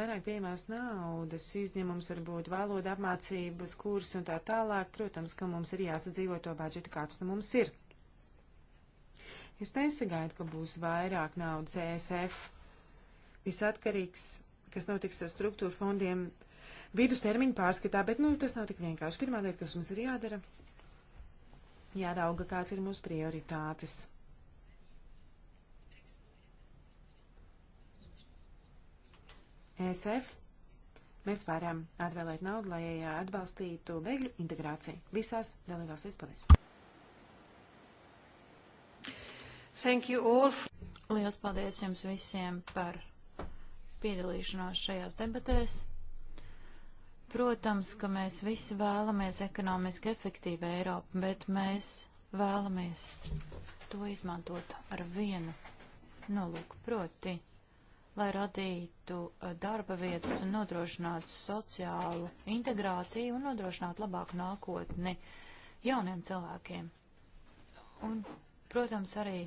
Vairāk pieejamās naudas izņemums var būt valoda apmācības kurs un tā tālāk. Protams, ka mums ir jāsadzīvot to budžetu, kāds nu mums ir. Es nesagaidu, ka būs vairāk naudas ESF. Viss atkarīgs, kas notiks ar struktūru fondiem vidustermiņu pārskatā, bet nu, tas nav tik vienkārši. Pirmā lieta, kas mums ir jādara, jārauga, kāds ir mūsu prioritātes. ESF mēs varam atvēlēt naudu, lai atbalstītu bēgļu integrāciju visās dalībvalstīs. Paldies! Thank you all. Lielas paldies jums visiem par piedalīšanos šajās debatēs. Protams, ka mēs visi vēlamies ekonomiski efektīvu Eiropu, bet mēs vēlamies to izmantot ar vienu nolūku proti, lai radītu eh, darba vietas un nodrošinātu sociālu integrāciju un nodrošinātu labāku nākotni jauniem cilvēkiem. Un, protams, arī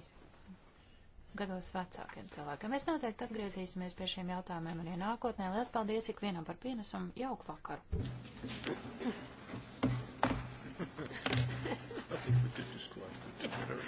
gados vecākiem cilvēkiem. Mēs noteikti atgriezīsimies pie šiem jautājumiem arī nākotnē. Lielas paldies ikvienam par pienesumu. Jauku vakaru! I think we did describe it.